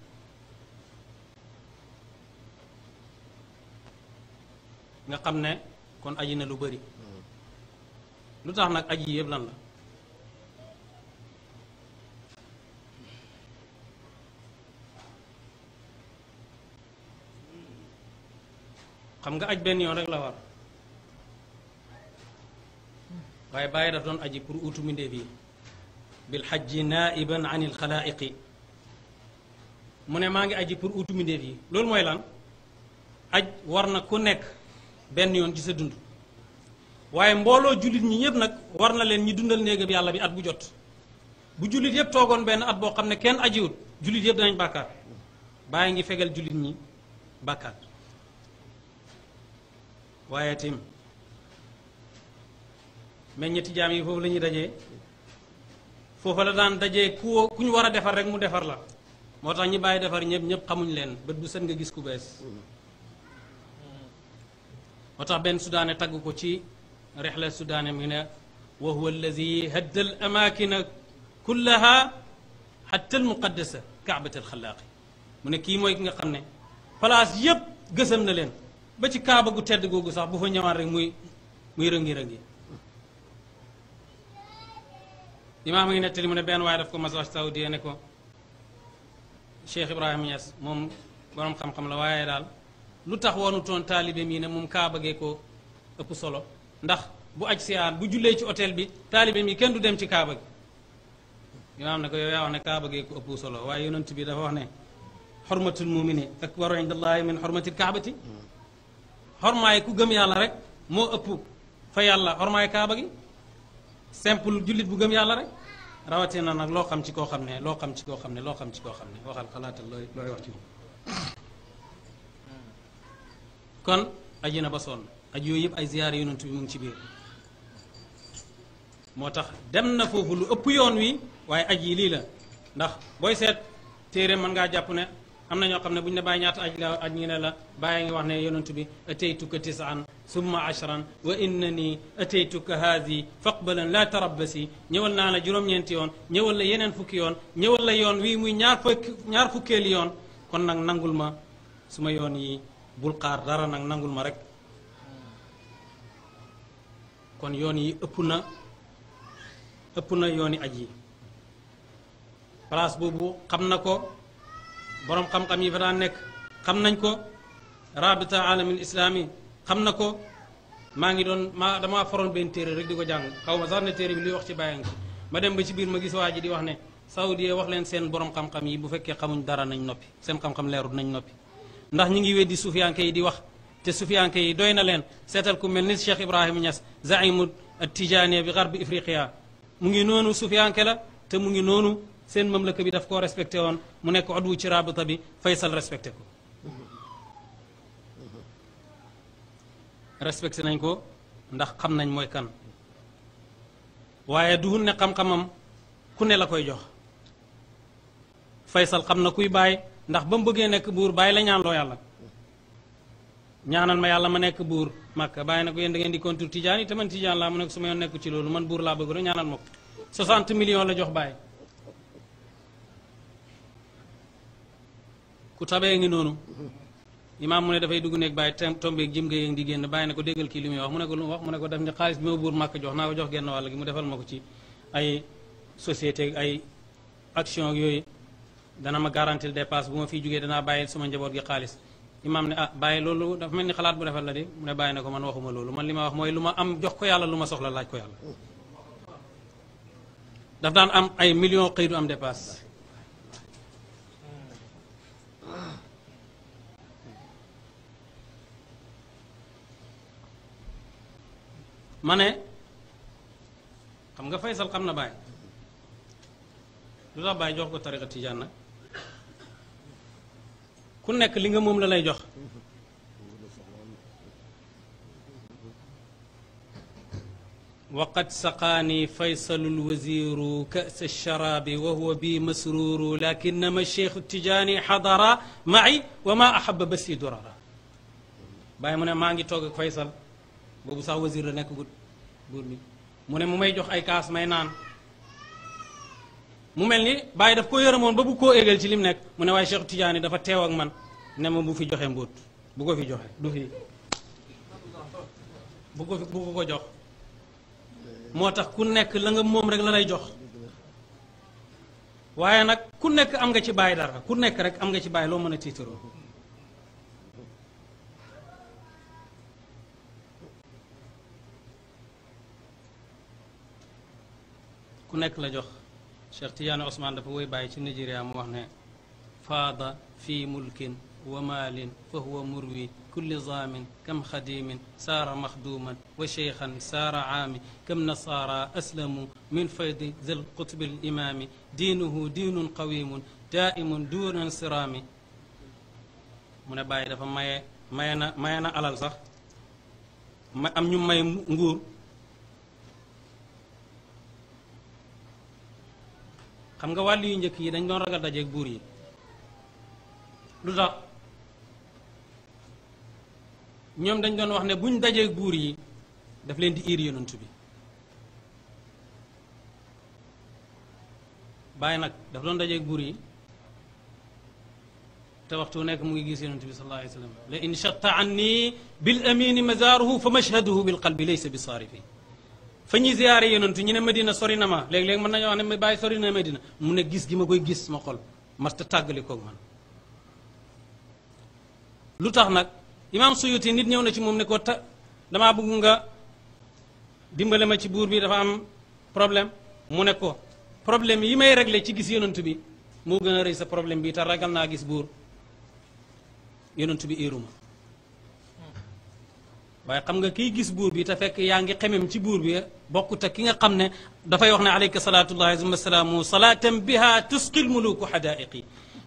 [SPEAKER 2] nga xam ne kon aji na lu bëri lu tax nag aji yëpp lan la xam nga aj benn yoon rek la war waaye bàyyi daf doon aji pour utu mbindéef yi bil xajji naiban an il xalaaiqi mu ne maa ngi aji pour utu mbindéef yi loolu mooy lan aj war na ku nekk benn yoon ci sa dund waaye mbooloo jullit ñi yëpp nag war na leen ñi dundal néegam yàlla bi at bu jot bu jullit yëpp toogoon benn at boo xam ne kenn ajiwut jullit yëpp danañ bàkkaar bàyyi ngi fegal jullit ñi bàkkaar waaye tim meññeeti jaam yi foofu lañuy ñuy dajee foofa la daan dajee ku ku ñu war a defar rek mu defar la moo tax ñi bàyyi defar ñëpp ñëpp xamuñ leen bët bu set nga gis ku bees moo tax benn sudaane tagg ko ci rexla sudaane mi ne wa huwa alladi hadda al amaakina kullaha xatta al muqaddasa kaabat al xalaaqi mu ne kii mooy ki nga xam ne place yëpp gësam na leen ba ci kaaba gu tedd googu sax bu fa ñëwaat rek muy muy rëngi-rëngi i ngi nettali mu ne benn waaye daf ko mas wax saoudia ne ko Cheikh Ibrahima moom borom la waaye daal lu tax wanutoon taalibe mii ne moom kaaba gee ko ëpp solo ndax bu aj siyaar bu jullee ci hôtel bi taalibe mi kenn du dem ci kaaba gi imaam ne ko yow yaa wax ne kaaba gee ko ëpp solo waaye yonent bi dafa wax ne xormatul mumini akbaru indallahi min xormatil kaabati xormaay ku gëm yàlla rek moo ëpp fa yàlla xormaay kaaba gi simple jullit bu gëm yàlla rek na nag loo xam ci koo xam ne loo xam ci koo xam ne loo xam ci koo xam ne waxal xalaatal looy looy wax kon aji na ba sonn aj yooyu yëpp ay ziyaare yonent bi mu ci biir moo tax dem na foofu lu ëpp yoon wi waaye aj yi lii la ndax booy seet téere mën ngaa jàpp ne am na ñoo xam ne bu ñu ne bàyyi ñaata aj la aj ñi ne la bàyyi ngi wax ne yonent bi ataytuka tisaan summa ashran wa nii innani ataytuka haadi faqbalan laa tarabbasi ñëwal naa la juróom-ñeenti yoon ñëwal la yeneen fukki yoon ñëwal la yoon wii muy ñaar fukk yoon kon nag nangul ma suma yoon yi bul xaar dara nag nangul ma rek kon yoon yi ëpp na ëpp na yooni aj yi place boobu xam na ko boroom xam-xam yi fa daan nekk xam nañ ko rabita alamil islaami xam na ko maa ngi doon maa damaa foroon benn téere rek di ko jàng xaw ma sax ne téere bi luy wax ci bàyyi ngi ma dem ba ci biir ma gis waa ji di wax ne saoudiye wax leen seen borom xam-xam yi bu fekkee xamuñ dara nañ noppi seen xam-xam leeru nañ noppi ndax ñi ngi weddi suufiyanke yi di wax te suufiyanke yi doy na leen seetal ku mel ni Cheikh Ibrahima Niass zaimu tijaaniya bi garbi Ifriqiya mu ngi noonu suufiyanke la te mu ngi noonu seen mamlaka bi daf koo respecté woon mu nekk odwu ci rabita bi Faysal respecté ko respecté nañ ko ndax xam nañ mooy kan waaye duhun ne xam-xamam ku ne la koy jox Faysal xam na kuy bàyyi ndax ba mu bëggee nekk buur bàyyi la ñaan loo yàlla ñaanal ma yàlla ma nekk buur màkk bàyyi na ko yéen da ngeen di kontur tijaan yi te man tijaan laa mu nekk su ma yoon nekku ci loolu man buur laa bëgg rek ñaanal ma ko 60 la jox bàyyi ku ngi noonu imaam ne dafay dugg nekk bàyyi tombeeg jëm nga yéngi di génn bàyyi na ko déggal kii li muy ne ko lu mu ne ko def ni xaalis bi ma jox naa ko jox genn mu defal ma ko ci ay société ay action yooyu dana ma garantil dépasse bu ma fiy jógee danaa bàyyi suma njaboot gi xaalis imaam ne ah bàyyi loolu dafa mel ni xalaat bu defal la de mu ne bàyyi na ko man waxuma loolu man li ma wax mooy lu ma am jox ko yàlla lu ma soxla laaj ko yàlla daf daan am ay million xëy du am dépasse ma ne xam nga Faysal xam na Baay lu tax Baay jox ko tariqa nag ku nekk li nga moom la lay jox waqad saqaani faysalul waziru kasa lsharaabi wa huwa bi masruru lakinama cheikhu tijaani xadara maci wa ma ahaba basi durara bàyyi mu ne maa ngi toog ak faysal boobu sax wasir la nekk gut buur bi mu ne mu may jox ay kaas may naan mu mel ni bàyyi daf ko yërëmoon ba bu koo égal ci lim nekk mu ne waaye Cheikh Tidiane dafa teew ak man ne ma bu fi joxee mbóot bu ko fi joxe du fi bu ko bu ko jox moo tax ku nekk la nga moom rek la lay jox waaye nag ku nekk am nga ci bàyyi dara ku nekk rek am nga ci bàyyi loo mën a tiitaroo ku nekk la jox Cheikh Tidiane Ousmane dafa woy bàyyi ci Nigeria mu wax ne faada fi mulkin wa maalin fa huwa murwi kulli zaamin kam xadimin saara maxduuman wa cheikhan saara aami kam nasaara aslamu min faydi zel qutbi limaami diinuhu diinun qawimun daaimun duuna nsiraami mu ne bàyyi dafa maye maye na maye na alal sax ma am ñu may nguur xam nga wàllu yu njëkk yi dañ doon ragal dajeeg buur yi lu tax ñoom dañ doon wax ne buñ dajeeg buur yi daf leen di iir yonent bi bàyyi nag daf doon dajeeg buur yi te waxtu nekk mu ngi gis yonent bi sallallahu alayhi wa sallam la in shatta anni bil amini mazaaruhu fa mashhaduhu bil qalbi laysa bi saarifi fa ñuy ziyaare yonantu ñu ne Medina sori na ma léeg-léeg mën nañoo wax ne bàyyi sori na Medina mu ne gis gi ma koy gis ma xol masta tàggali koog man lu tax nag imaam Suyuti nit ñëw na ci moom ne ko ta damaa bëgg nga dimbale ma ci buur bi dafa am problème mu ne ko problème yi may réglé ci gis yonantu bi moo gën a rëy sa problème bi te ragal naa gis buur yonantu bi eeruma waaye xam nga kiy gis buur bi te fekk yaa ngi xemem ci buur bi bokkut ak ki nga xam ne dafay wax ne alayka salaatullahi wa salaamu salaatan biha tusqil muluku xadaaiqi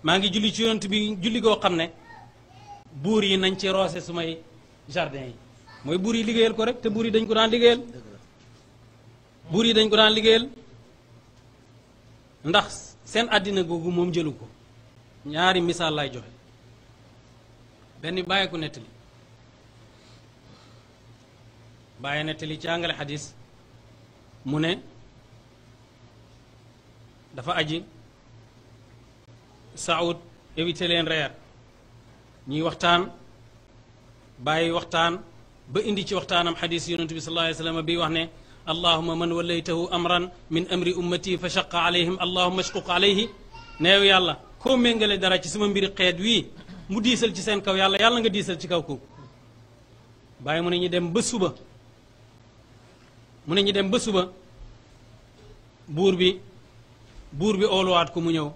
[SPEAKER 2] maa ngi julli ci yonent bi julli goo xam ne buur yi nañ ci roose sumay jardin yi mooy buur yi liggéeyal ko rek te buur yi dañ ko daan liggéeyal buur yi dañ ko daan liggéeyal ndax seen àddina googu moom jëlu ko ñaari misaal lay joxe benn bàyyi ko nettali bàyyi nettali ci àngale xadis mu ne dafa aji saoud éviter leen reer ñuy waxtaan bàyyi waxtaan ba indi ci waxtaanam xadis yonent bi sallallahu alayhi wa bi wax ne allahuma man wallaytahu amran min amri ummati fa shaqa alayhim allahuma shquq alayhi neew yàlla ko méngale dara ci sama mbir xeet wii mu diisal ci seen kaw yàlla yàlla nga diisal ci kaw kooku bàyyi mu ne ñu dem ba suba mu ne ñu dem ba suba buur bi buur bi ooluwaat ko mu ñëw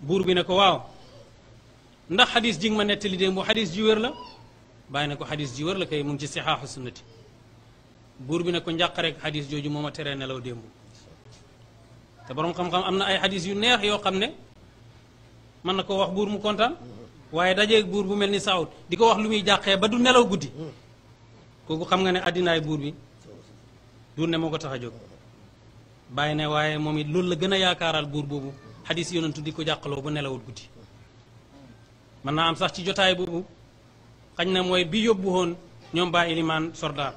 [SPEAKER 2] buur bi ne ko waaw ndax xadis ji nga ma nettali démb bu xadis wér la bàyyi na ko xadis ji wér la kay mu ngi ci sixaaxu sunnati buur bi ne ko njàq rek xadis jooju moo ma teree nelaw démb te borom xam-xam am na ay xadis yu neex yoo xam ne mën na ko wax buur mu kontaan waaye dajeeg buur bu mel ni saawut di ko wax lu muy jàqee ba du nelaw guddi kooku xam nga ne addinaay buur bi du ne moo ko tax a jóg bàyyi ne waaye moom it loolu la gën a yaakaaral buur boobu xadis yonantu di ko jàqaloo bu nelawut guddi mën naa am sax ci jotaay boobu xañ na mooy bi yóbbu woon ñoom baa ilimaan sordaar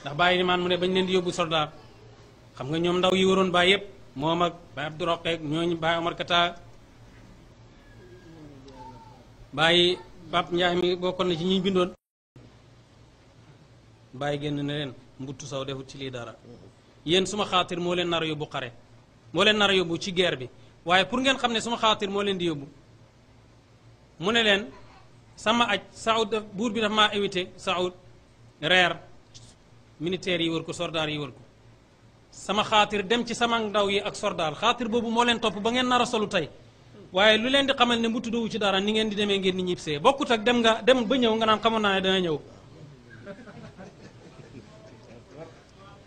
[SPEAKER 2] ndax baa ilimaan mu ne bañ leen di yóbbu sordaar xam nga ñoom ndaw yi waroon baa yëpp moom ak baa abdu roqeek ñooñu baa omar kata bàyyi pap njaay mi bokkoon na ci ñuy bindoon bàyyi génn ne leen mbuttu saw defut ci lii dara yéen suma xaatir moo leen nar a yóbbu xare moo leen ci geer bi waaye pour ngeen xam ne suma xaatir moo leen di yóbbu mu ne leen sama aj Saoud buur bi dafa maa évité Saoud reer militaires yi war ko soldaar yi wër ko sama xaatir dem ci sama ndaw yi ak soldaar xaatir boobu moo leen topp ba ngeen nara solu tey waaye lu leen di xamal ne mu tuddowu ci dara ni ngeen di demee ngeen di ñibbisee bokkut ak dem nga dem ba ñëw nga naan xamoon naa ne dana ñëw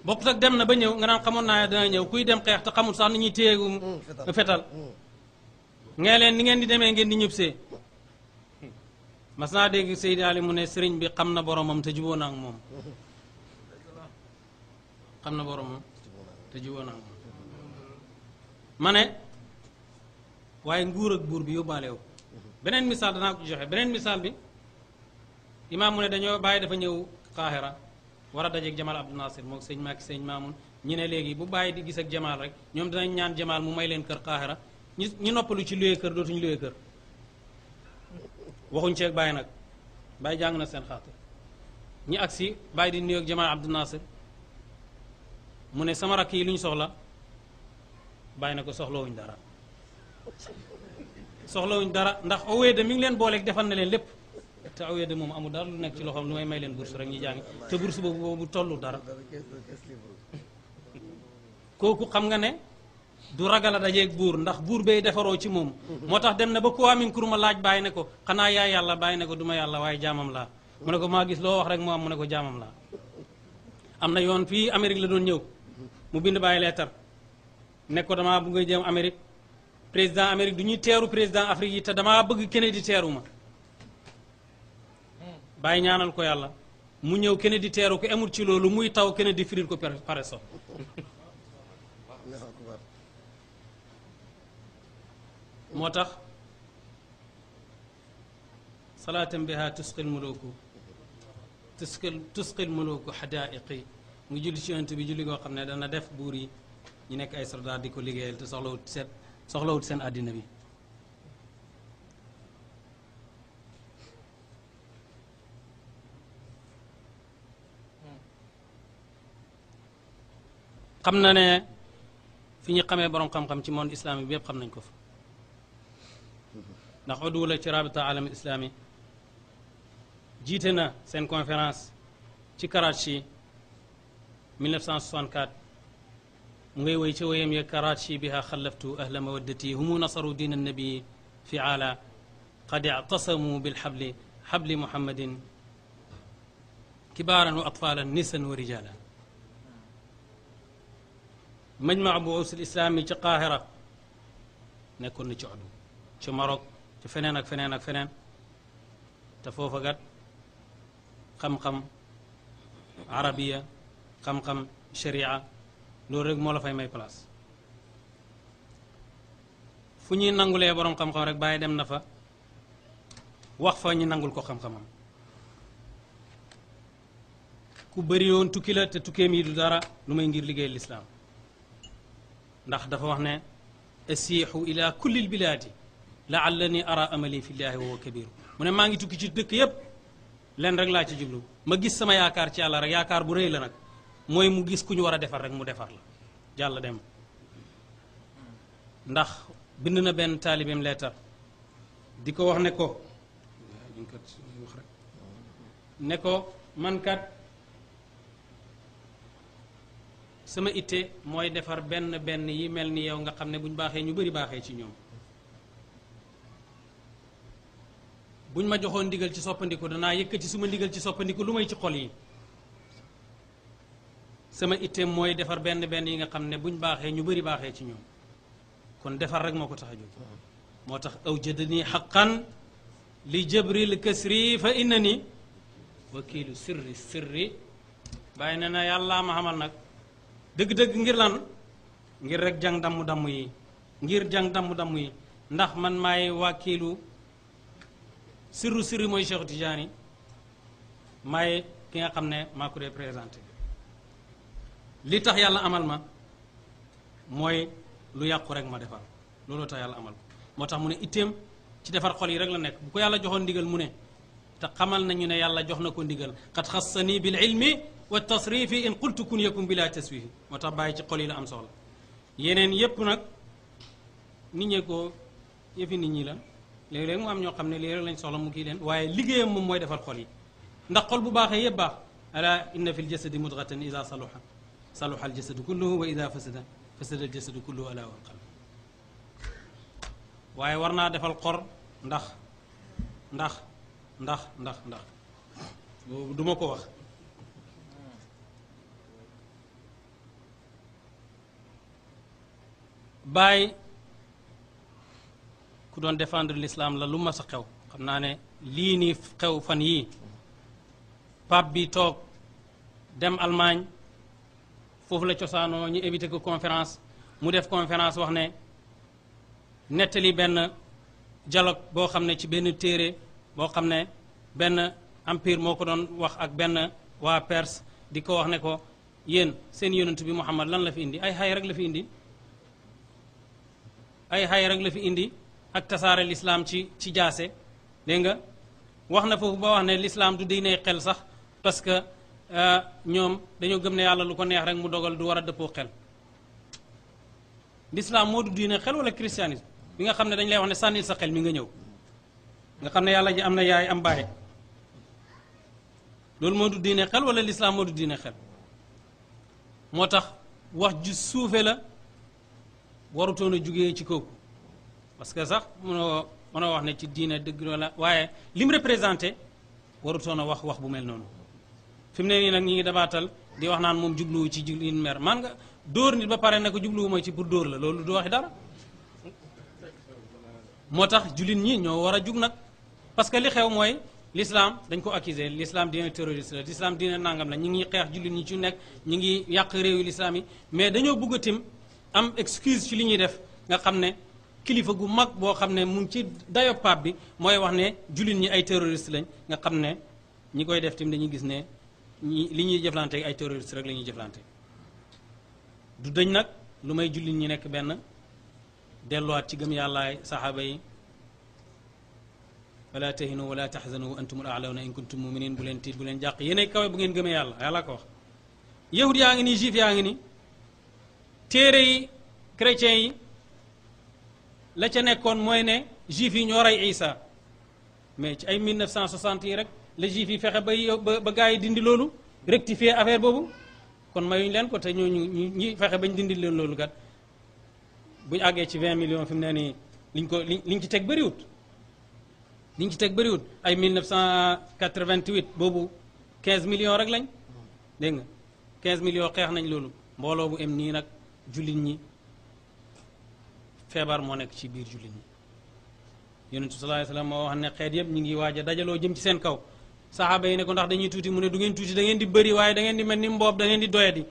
[SPEAKER 2] bokkut ak dem na ba ñëw nga naan xamoon naa dana ñëw kuy dem xeex te xamul sax ni ñuy téyeegu fetal ngee leen ni ngeen di demee ngeen di ñëbsee mas naa dégg Seydi Ali mu ne sëriñ bi xam na boromam te juboo na ak moom xam na boromam te waaye nguur ak buur bi yóbbaale wu beneen misaal danaa joxe beneen misaal bi imaam mu ne dañoo bàyyi dafa ñëw Qahira war a dajeeg Jamal Abdou Nasir moog sëñ Macky sëñ Mamoun ñu ne léegi bu bàyyi di gis ak Jamal rek ñoom dinañ ñaan Jamal mu may leen kër Qahira ñu ñu noppalu ci luye kër dootuñu luye kër waxuñ ceeg bàyyi nag bàyyi jàng na seen xaatir ñi agsi bàyyi di nuyoog Jamal Abdou Nasir mu ne sama rakk yi lu ñu soxla bàyyi na ko soxla soxlawuñ dara soxlawuñ dara ndax owee de mi ngi leen booleeg defal na leen lépp te awee de moom amul dara lu nekk ci loxoom lu may may leen bourse rek ñu jàngi te bourse boobu boobu tollu dara kooku xam nga ne du ragal a dajeeg buur ndax buur bay defaroo ci moom moo tax dem na ba Kwame Nkrumah laaj bàyyi ne ko xanaa yaay yàlla bàyyi ne ko du ma yàlla waaye jaamam laa mu ne ko maa gis loo wax rek mu am mu ne ko jaamam laa am na yoon fii Amérique la doon ñëw mu bind bàyyi leetar ne ko damaa bëgg a jëm Amérique président Amérique du ñuy teeru président Afrique yi te damaa bëgg keneen di teeru ma bàyyi ñaanal ko yàlla mu ñëw kenn di teeru ko amul ci loolu muy taw kenn di firil ko pare so moo tax salaatam biha tusqil muluku tusqil tusqil muluku xadaaiqi mu julli ci yonent bi julli goo xam ne dana def buur yi ñu nekk ay soldat di ko liggéeyal te soxlawut seet soxlawut seen àddina bi xam na ne fi ñu xamee borom xam-xam ci monde islamique bi yëpp xam nañ ko fa ndax odu la ci rabita alam islami jiite na seen conférence ci Karachi 1964 mu ngay woy ca woyam ya Karachi biha xallaftu ahla mawaddati humu nasaru diin annabi fi ala qad ictasamu bilxabli xabli muhammadin kibaaran wa atfaalan nisan wa rijalan majmaa bu usul islaam yi ci Qahira nekkoon na ci oddu ci Maroc ci feneen ak feneen ak feneen te foofa gat xam-xam arabiya xam-xam sharia loolu rek moo la fay may place fu ñuy nangulee boroom xam-xam rek bàyyi dem na fa wax fa ñu nangul ko xam-xamam ku bari yoon tukki la te tukkeem yi du dara lu may ngir liggéey lislaam ndax dafa wax ne asiixu ila kulli lbilaadi laallani ara amali fillahi wa kabiru mu ne maa ngi tukki ci dëkk yépp leen rek laa ci jublu ma gis sama yaakaar ci yàlla rek yaakaar bu rëy la nag mooy mu gis ku ñu war a defar rek mu defar la jàll dem ndax bind na benn taalibeem leetar di ko wax ne ko ne ko man kat sama itte mooy defar benn benn yi mel ni yow nga xam ne buñ baaxee ñu bari baaxee ci ñoom buñ ma joxoon ndigal ci soppandiku danaa ci suma ndigal ci soppandiku lu may ci xol yi sama itte mooy defar benn benn yi nga xam ne buñ baaxee ñu bari baaxee ci ñoom kon defar rek moo ko tax a jóg moo tax aw jëdani xaqan li jabril kasri fa inna ni wakiilu sirri sirri bàyyi na na yàllaa ma xamal nag dëgg-dëgg ngir lan ngir rek jàng damm-damm yi ngir jàng damm-damm yi ndax man maay wàkkiilu sirru sirri mooy Cheikh Tidiane maay ki nga xam ne maa ko présenté li tax yàlla amal ma mooy lu yàqu rek ma defar looloo tax yàlla amal ko moo tax mu ne itteem ci defar xol yi rek la nekk bu ko yàlla joxoon ndigal mu ne te xamal nañu ne yàlla jox na ko ndigal xat xas sa nii bil ilmi wa tasrifi in qultu kun yakun bila taswifi moo tax bàyyi ci xol yi la am soxla yeneen yépp nag nit ñee ko yëfi nit ñi la léeg-léeg mu am ñoo xam ne léeg lañ soxla mu kii leen waaye liggéeyam moom mooy defar xol yi ndax xol bu baaxee yëpp baax ala inna fi ljasadi mudghatan ida saluha saluha aljasadu kulluhu wa ida fasada fasada aljasadu kulluhu ala wal qalb waaye war naa defal xor ndax ndax ndax ndax ndax boobu du ma ko wax bàyyi ku doon defendre lislaam la lu mas xew xam naa ne lii nii xew fan yii pape bi toog dem Allemagne foofu la cosaanoo ñu éviter ko conférence mu def conférence wax ne nettali benn dialogue boo xam ne ci benn téere boo xam ne benn empire moo ko doon wax ak benn waa Perse di ko wax ne ko yéen seen yonent bi Muhammad lan la fi indi ay xay rek la fi indi ay xay rek la fi indi ak tasaare lislaam ci ci jaase dégg nga wax na foofu ba wax ne lislaam du diiney xel sax parce que euh, ñoom dañoo gëm ne yàlla lu ko neex rek mu dogal du war a dëppoo xel lislaam moo du diine xel wala christianisme bi nga xam ne lay wax ne sànnil sa xel mi nga ñëw nga xam ne yàlla ji am na yaay am loolu moo du diine xel wala lislaam moo du diine xel moo tax wax ju suufe la warutoon a jugee ci kooku parce que sax mënoo mënoo wax ne ci diina dëgg loola waaye lim représenté warutoon a wax wax bu mel noonu fi mu ne nii nag ñi ngi dabaatal di wax naan moom jubluwu ci jubluwin mer man nga dóor nit ba pare ne ko jubluwu ci pour dóor la loolu du waxi dara moo tax jullit ñi ñoo war a jug nag parce que li xew mooy l'islam dañ ko accuser l'islam dina terroriste la l'islam dina nàngam la ñi ngi xeex jullit ñi ci nekk ñi ngi yàq réew yi l'islam mais dañoo bëgg a tim am excuse ci li ñuy def nga xam ne kilifa gu mag boo xam ne mu ngi ci dayo bi mooy wax ne jullit ñi ay terroriste lañ nga xam ne ñi koy def tamit dañuy gis ne ñi li ñuy jëflante ay terroriste rek lañuy ñuy jëflante du dañ nag lu may jullit ñi nekk benn delluwaat ci gëm yàlla saxaaba yi wala tahinu wala tahzanu wa antumul aalawna in kuntum muminin bu leen tiit bu leen jàq yéenay kawe bu ngeen gëmee yàlla yàlla ko wax yaa ngi nii juif yaa ngi nii téere yi chrétiens yi la ca nekkoon mooy ne juif yi ñoo rey Isa mais ci ay 1960 yi rek la juif yi fexe ba ba gars yi dindi loolu rectifier affaire boobu kon mayuñu leen ko te ñooñu ñi fexe bañ dindi leen loolu gat bu ñu àggee ci 20 millions fi mu ne nii liñ ko liñ ci teg bëriwut liñ ci teg bëriwut ay 1988 boobu 15 million rek lañ dégg nga 15 millions xeex nañ loolu mbooloo bu em nii nag jullit ñi feebar moo nekk ci biir jullit ñi yonent bi moo wax ne xeet yëpp ñu ngi waaj a jëm ci seen kaw saxaaba yi ne ko ndax dañuy tuuti mu ne du ngeen tuuti da ngeen di bëri waaye da ngeen di mel ni mboob da ngeen di doyadi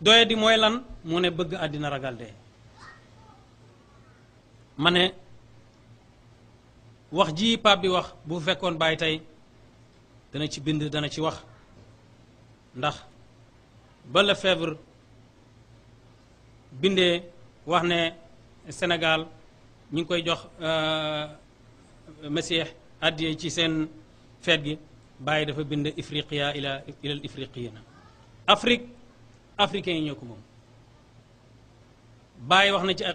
[SPEAKER 2] doyadi mooy lan mu ne bëgg àddina ragal dee ma ne wax ji pap bi wax bu fekkoon bàyyi tey dana ci bind dana ci wax ndax ba Lefebvre bindee wax ne senegal ñu ngi koy jox euh, Masiix àddiyee ci seen feet gi bàyyi dafa bind ifriqiya ila ilal Afrique africain yi ñoo ko moom bàyyi wax na ci ay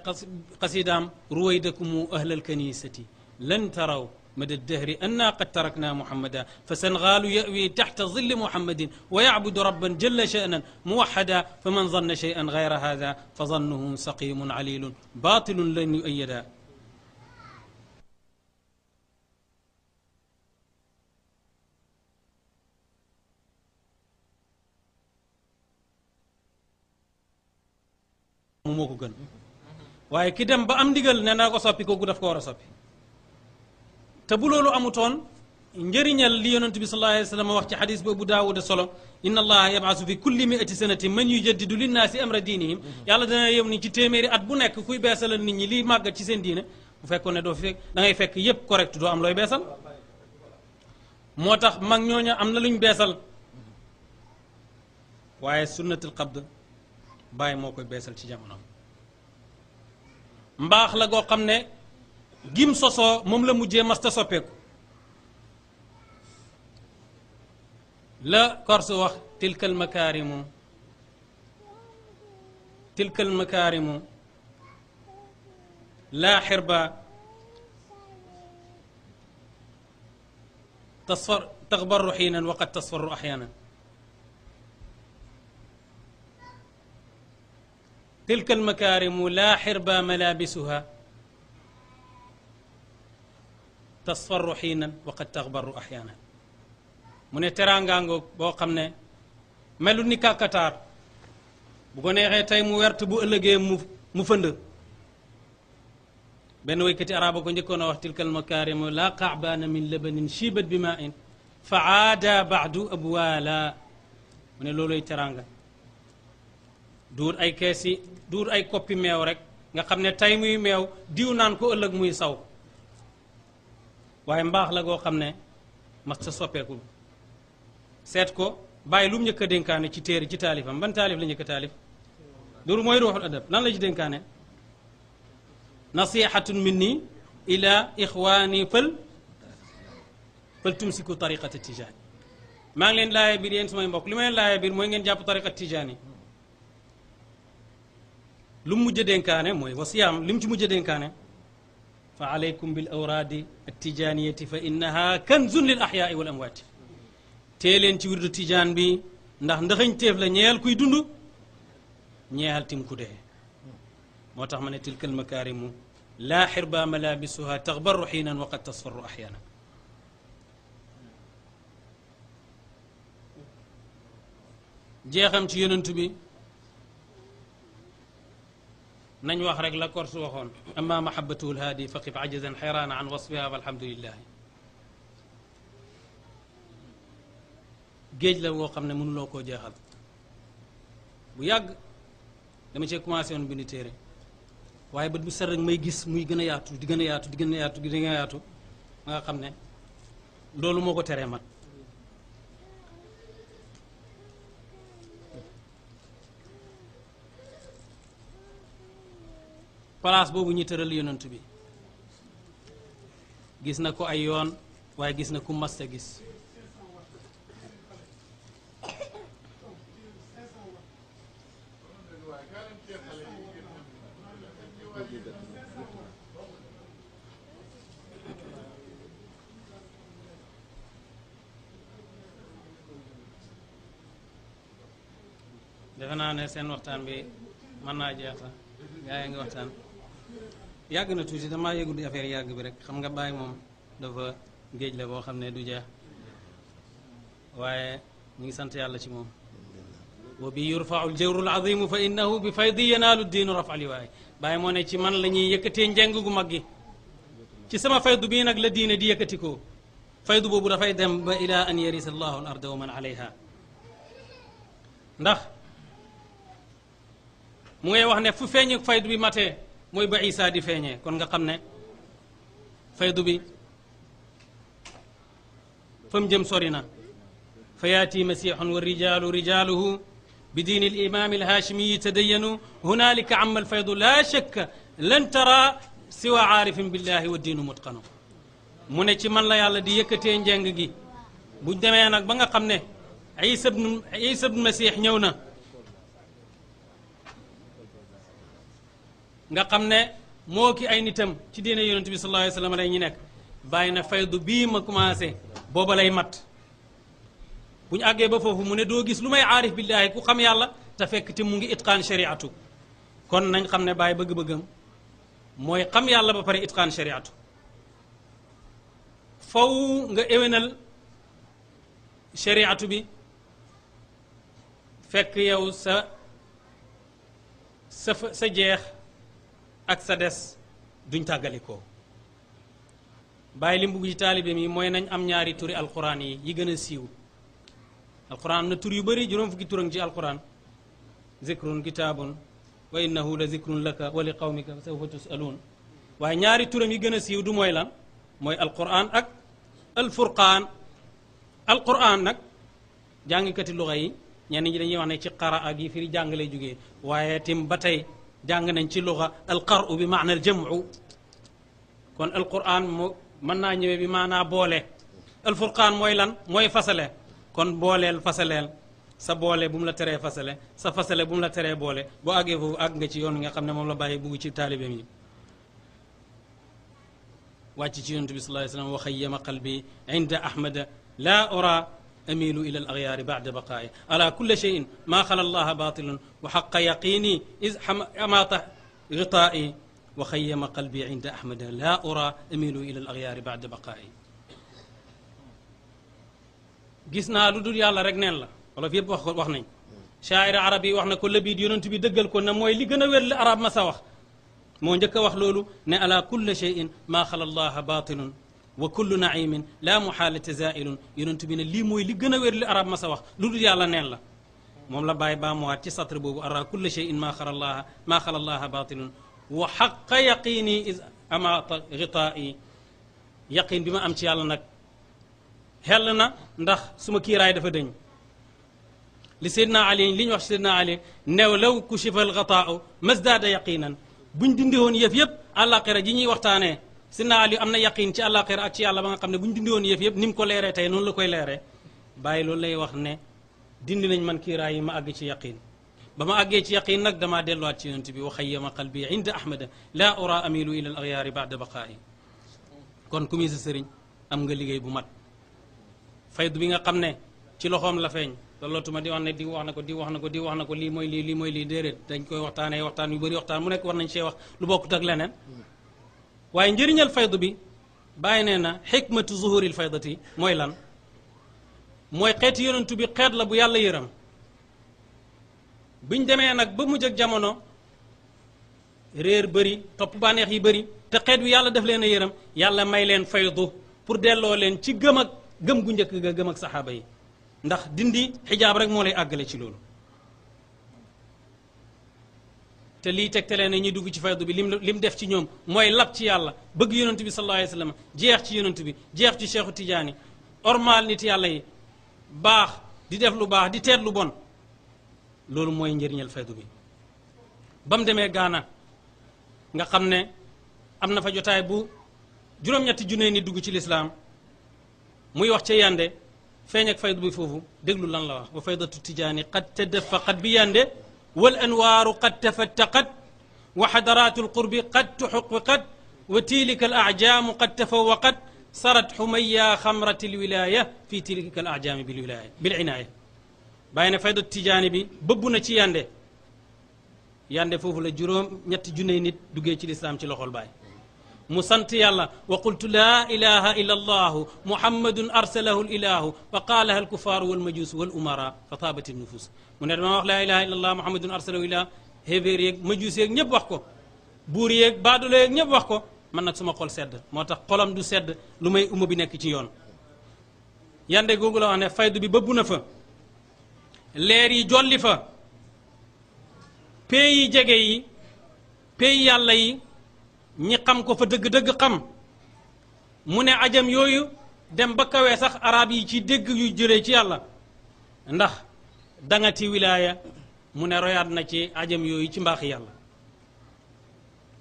[SPEAKER 2] xasidaam ruwaydakumu ahlal kanisati lan taraw مدى الدهر أنا قد تركنا محمدا فسنغال يأوي تحت ظل محمد ويعبد ربا جل شأنا موحدا فمن ظن شيئا غير هذا فظنه سقيم عليل باطل لن يؤيدا moo ko gën waaye ki dem ba am ndigal ne naa ko soppi kooku daf ko war a soppi te bu loolu amutoon njëriñal li yonent bi sallallahu alayhi wa sallam wax ci xadis bu Abu Daawud solo inna allaha yabaasu fi kulli miati sanati man yujaddidu linnaasi amra diinihim yàlla dana yem ni ci téeméeri at bu nekk kuy beesalal nit ñi liy màggat ci seen diine bu fekkoon ne doo fi fekk da fekk yépp correct doo am looy beesal moo tax mag ñooñu am na luñ beesal waaye sunnatul qabd bàyyi moo koy beesal ci jamono mbaax la goo xam ne gim sosoo moom la mujjee mas ta soppeeku la korse wax tilkal makaarimu tilkal makaarimu laa xirba tasfar taxbaru xiinan waqad tasfaru axyaanan tilkal makaarimu laa xirba malaabisuha tasfarru xiinan waqad taxbaru axyaanan mu ne teraangaangoog boo xam ne melu ni kàkkataar bu ko neexee mu wert bu ëllëgee mu mu fënd benn waykati araba ko njëkkoon a wax tilkal makaarimu laa qaabaana min labanin shiibat bi maa in fa aada baadu abwaala mu ne looloy teraanga duur ay kees duur ay koppi meew rek nga xam ne tey muy meew diw naan ko ëllëg muy saw waaye mbaax la goo xam ne mas ta soppeeku seet ko bàyyi lu mu njëkk a ci téere ci taalifam ban taalif la njëkk a taalif loolu mooy ruuxul adab lan la ci dénkaane nasihatun minni ila ixwaani fël fël tumsiku tariqata tijaani maa ngi leen laaya biir yeen sumay mbokk li ma leen laaya biir mooy ngeen jàpp tariqat tijaani lu mu mujj dénkaane mooy wasiyaam li mu ci mujj dénkaane fa alaykum bil awraadi tijaaniyati fa innaha kanzun lil ahyaai wal amwaati tee leen ci wirdu tijaan bi ndax ndaxañ téef la ñeexal kuy dund ñeexal tim ku dee moo tax ma ne tilka al makaarimu laa xirba malaabisuha taxbaru xiinan wa qad tasfaru axyaanan jeexam ci yonent bi nañ wax rek la korsu waxoon ama mahabatuhu lhaadi faqif ajazan xayraana an wasfiha walhamdulillahi géej la woo xam ne mënuloo koo jeexal bu yàgg dama cee commencé woon bindu téere waaye ba du set may gis muy gën a yaatu di gën a yaatu di gën a yaatu di gën a yaatu nga xam ne loolu moo ko teree mat palaas boobu ñu tëral yonent bi gis na ko ay yoon waaye gis na ku mas gis defe naa ne seen waxtaan bi mën naa jeex sax gaa yi ngi waxtaan yàgg na tuuti damaa yëgul affaire yàgg bi rek xam nga bàyyi moom dafa géej la boo xam ne du jeex waaye ñu ngi sant yàlla ci moom wa bi yurfau ljawru alazimu fa innahu bi faydi yanaalu diinu raf ali waaye bàyyi moo ne ci man la ñuy yëkkatee njeng gu mag gi ci sama faydu bii nag la diina di yëkkati ko faydu boobu dafay dem ba ila an yarisa allahu al arda man alayha ndax mu ngay wax ne fu feeñu faydu bi matee mooy ba Isa di feeñee kon nga xam ne faydu bi fa mu jëm sori na fa yaati masihun wa rijalu rijaluhu bi diini alimami alhashimiyi tadayanu hunalika ama alfaydu la shakka lan tara siwa aarifin billahi wa diinu mutqanu mu ne ci man la yàlla di yëkkatee njeng gi buñ demee nag ba nga xam ne Isa ibnu Isa ibnu Masih ñëw na nga xam ne moo ki ay nitam ci diine yonent bi sallallahu alayhi lay ñu nekk bàyyi na faydu bii ma commencé booba lay mat bu ñu àggee ba foofu mu ne doo gis lu may aarif billaahi ku xam yàlla te fekk te mu ngi itqaan shariatu kon nañ xam ne bàyyi bëgg-bëggam mooy xam yàlla ba pare itqaan shariatu faw nga éwénal shariatu bi fekk yow sa sa sa jeex ak sa des duñ tàggalikoo bàyyi li mu bugg ci taalibe mi mooy nañ am ñaari turi alquran yi yi gën a siiw alquran am na tur yu bari juróom fukki turam ci alquran zikrun kitaabun wa innahu la zikrun laka wa li qawmika sawfa tusaluun waaye ñaari turam yi gën a siiw du mooy lan mooy alquran ak alfurqaan alquran nag jàngkati luxa yi ñenn ñi dañuy wax ne ci xara ak yi firi jàng lay jógee waaye tim ba tey jàng nañ ci luxa alqaru bi maana aljamu kon alquran mu mën naa ñëwee bi maanaa boole alfurqaan mooy lan mooy fasale kon booleel fasaleel sa boole bu mu la teree fasale sa fasale bu mu la teree boole boo àggee foofu àgg nga ci yoon nga xam ne moom la bàyyi bugg ci taalibeem yi wàcc ci yonent bi sallallahu alayhi wa sallam wa xayyama qalbi inda ahmada laa ora amilu ila al axyaari baada baqaayi ala kulli cheyin maa xala allaha batilun wa xaqa yaqini is amaata ritaa'i wa xayyama qalbi inda ahmada laa ura amilu ila al axyaari baada baqaayi gis naa lu dul yàlla rek neen la wala fi yëpp wax wax nañ shaa'ira arab yi wax na ko labiid yonent bi dëggal ko na mooy li gën a wér la arab ma sa wax moo njëkk a wax loolu ne ala kulli cheyin maa xala allaha batilun wa kullu naimin la muhaalata zailun yonentu bi ne lii mooy li gën a wér li arab ma sa wax lu dul yàlla neen la moom la bàyyi baamuwaat ci satre boobu ara kulla cheyin maa xala llaaha maa xala llaaha batilun wa xaqa yaqini is amaata ritaa'i yaqin bi ma am ci yàlla nag xel na ndax suma kiiraay dafa dëñ li seydna ali li ñu wax seydna ali new law kushifa al gataa'u masdaada yaqinan buñ dindi woon yëf yëpp àllaaxira ji ñuy waxtaanee sidna Ali am na yaqin ci àllaaxira ak ci yàlla ba nga xam ne bu ñu dindi woon yëf yëpp ni mu ko leeree tey noonu la koy leeree bàyyi loolu lay wax ne dindi nañ man kiiraay yi ma àgg ci yaqin ba ma àggee ci yaqin nag damaa delluwaat ci yonent bi waxayyama qalbi inda ahmada laa ura amilu ila al axyaari baada baqaayi kon ku muy sa sëriñ am nga liggéey bu mat faydu bi nga xam ne ci loxoom la feeñ loolotuma di wax ne di wax na ko di wax na ko di wax na ko lii mooy lii lii mooy lii déedéet dañ koy waxtaanee waxtaan yu bëri waxtaan mu nekk war nañ see wax lu bokkut ak leneen waaye njëriñal faydu bi bàyyi nee na xikmatu zuhuril faydati mooy lan mooy xeeti yonentu bi xeet la bu yàlla yëram biñ demee nag ba mujj ak jamono réer bëri topp bànneex yi bëri te xeet wi yàlla def leen a yëram yàlla may leen faydu pour delloo leen ci gëm ak gëm gu njëkk ga gëm ak saxaaba yi ndax dindi xijaab rek moo lay àggale ci loolu te lii tegtalee na ñuy dugg ci faydu bi lim lim def ci ñoom mooy lab ci yàlla bëgg yonent bi sallallahu alayhi wa sallam jeex ci yonent bi jeex ci Cheikhu Tidiane ormal nit yàlla yi baax di def lu baax di teet lu bon loolu mooy njëriñal faydu bi ba mu demee Gaana nga xam ne am na fa jotaay bu juróom-ñetti junne ni dugg ci lislaam muy wax ci yande feeñ ak faydu bi foofu déglu lan la wax mu faydatu tijaani xat tëddëf fa xat bi yande wal anwaaru qad tafattaqat wa xadaraatu alqurbi qad tuxaqqaqat wa tilika al ajaamu qad tafawaqat sarat xumaya xamrat alwilaaya fi tilika al ajaami bilwilaaya bilcinaaya bàyyi na fayda tijaani bi bëbb na ci yande yande foofu la juróom ñetti junney nit duggee ci lislaam ci loxol baay mu sant yàlla wa qultu laa ilaha illa allahu muhammadun arsalahu lilahu fa qaalaha alkufaaru walmajuus walumaraa fa taabat innufus mu ne dama wax laa ilaha illa allah muhammadun arsalahu ila hévéer yeeg majuus yeeg ñëpp wax ko buur yéeg baadoolo yeeg ñëpp wax ko mën nag suma xol sedd moo tax xolam du sedd lu may umma bi nekk ci yoon yande googu la wax ne faydu bi bëbb na fa leer yi jolli fa pee yi jege yi pee yàlla yi ñi xam ko fa dëgg-dëgg xam mu ne ajam yooyu dem ba kawee sax araab yi ci dégg yu jëlee ci yàlla ndax dangati wilaaya mu ne royaat na ci ajam yooyu ci mbaax yàlla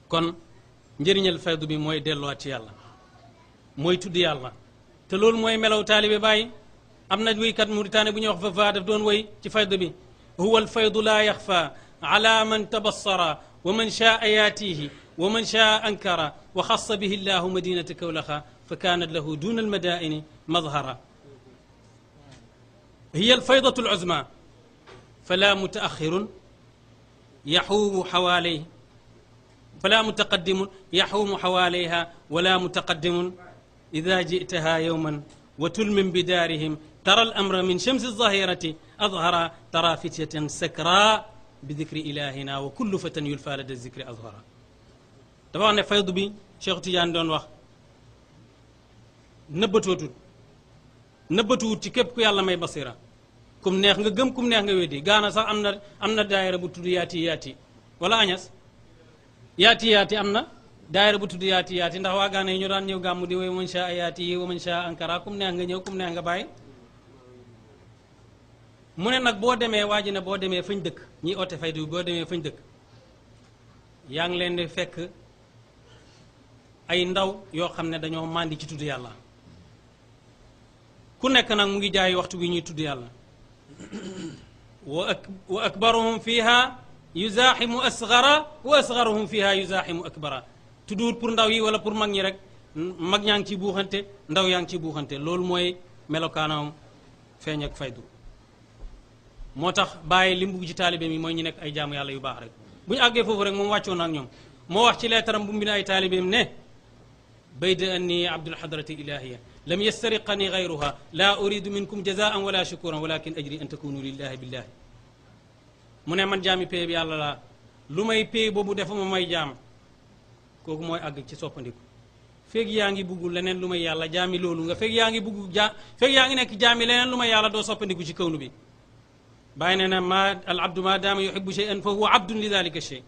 [SPEAKER 2] kon njëriñal faydu bi mooy delluwaat ci yàlla mooy tudd yàlla te loolu mooy melaw taalibe bàyyi am na wuykat muritaane bu ñuy wax fafa daf doon woy ci faydu bi huwa alfaydu laa yaxfa ala man tabassara wa man shaa yaatihi wa man shaa ankara wa xassa bihi llahu madinata kawlaxa fa kaanat lahu duna almadaini mazhara hiya alfaydatu aluzma fala mutaaxirun yaxuumu xawaaley fala mutaqaddimun yaxuumu xawaaleyha wala mutaqaddimun ida jitaha yowman wa tulmin bidaarihim tara al amra min chamsi zahirati azhara tara fityatan sakra bi dicri ilahina wa kullu fatan yulfa lada zicri azhara dafa wax ne faydu bi Cheikh Tidiane doon wax nëbbatootul nëbbatuwut ci képp ku yàlla may basira kum neex nga gëm kum neex nga weddi gaana sax am na am na daayira bu tudd yaati yaati wala añas yaati yaati am na daayira bu tudd yaati yaati ndax waa gaana yi ñoo daan ñëw gàmmu di way man sha yaati yi wa man sha ankara nga ñëw kum neex nga mu ne nag boo demee waa ji ne boo demee fañ dëkk ñi oote faydu boo demee fañ dëkk yaa ngi leen di fekk ay ndaw yoo xam ne dañoo màndi ci tudd yàlla ku nekk nag mu ngi jaay waxtu wi ñuy tudd yàlla وأكبرهم فيها يزاحم أصغر وأصغرهم فيها يزاحم أكبر tudduwut pour ndaw yi wala pour mag ñi rek mag ñaa ngi ciy buuxante ndaw yaa ngi ciy buuxante loolu mooy melokaanam feeñ ak faydu moo tax bàyyi li mu bugg ci taalibe mi mooy ñu nekk ay jaamu yàlla yu baax rek bu ñu àggee foofu rek moom wàccoon na ak ñoom moo wax ci leetaram bu mu bind ay taalibeem ne bayda anni abdul hadrati ilahiya lam yastariqani gayruha laa uridu minkum jazaan wala shukuran walakin ajri an takunu lillahi billahi mu ne man jaami pay bi yàlla laa lu may pay boobu defuma may jaam kooku mooy àgg ci soppandiku feeg yaa ngi bugg leneen lu may yàlla jaami loolu nga feeg yaa ngi bugg jaa feeg yaa ngi nekk jaami leneen lu may yàlla doo soppandiku ci kawnu bi bàyyi ne na ma al abdu ma daama yuhibu cheyan fa huwa abdun li dalika chey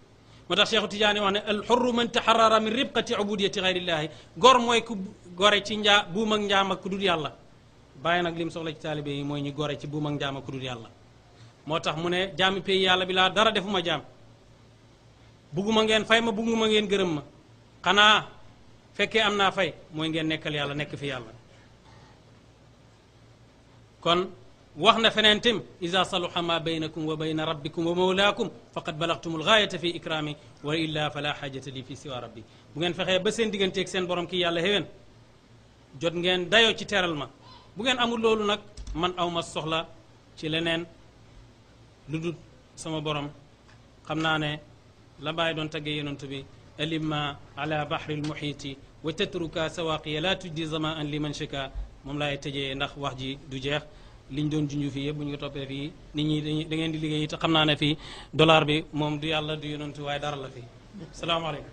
[SPEAKER 2] moo tax cheikhu tidiane wax ne al xurru man taxarara min ribqati ubudiyati gayrillaahi gor mooy ku gore ci njaa buum ak njaam ak ku dul yàlla bàyyi nag lim soxla ci taalibe mooy ñi gore ci buum ak njaam ku dul yàlla moo tax mu ne jaami pay yàlla bi laa dara defuma jaam bugguma ngeen fay ma bugguma ngeen gërëm ma xanaa fekkee am naa fay mooy ngeen nekkal yàlla nekk fi yàlla kon wax na feneen tim isa saluxa ma baynakum wa bayna rabbikum wa mawlaakum faqad balagtumul gaayata fi ikraami wa illa fala xaajata li fi siwa rabbi bu ngeen fexee ba seen digganteeg seen borom ki yàlla xéwén jot ngeen dayoo ci teral ma bu ngeen amul loolu nag man aw ma soxla ci leneen lu dul sama borom xam naa ne la bàyyi doon tagge yonent bi alimma ala bahri lmuhiiti wa tatruka sawaqiya la tujdi zamaan liman shika moom laay tëjee ndax wax ji du jeex liñ doon junju fi yëpp bu ñu ko toppee fii nit ñi da ngeen di liggéey te xam naa ne fii dollar bi moom du yàlla du yonentu waaye dara la fii salaamaaleykum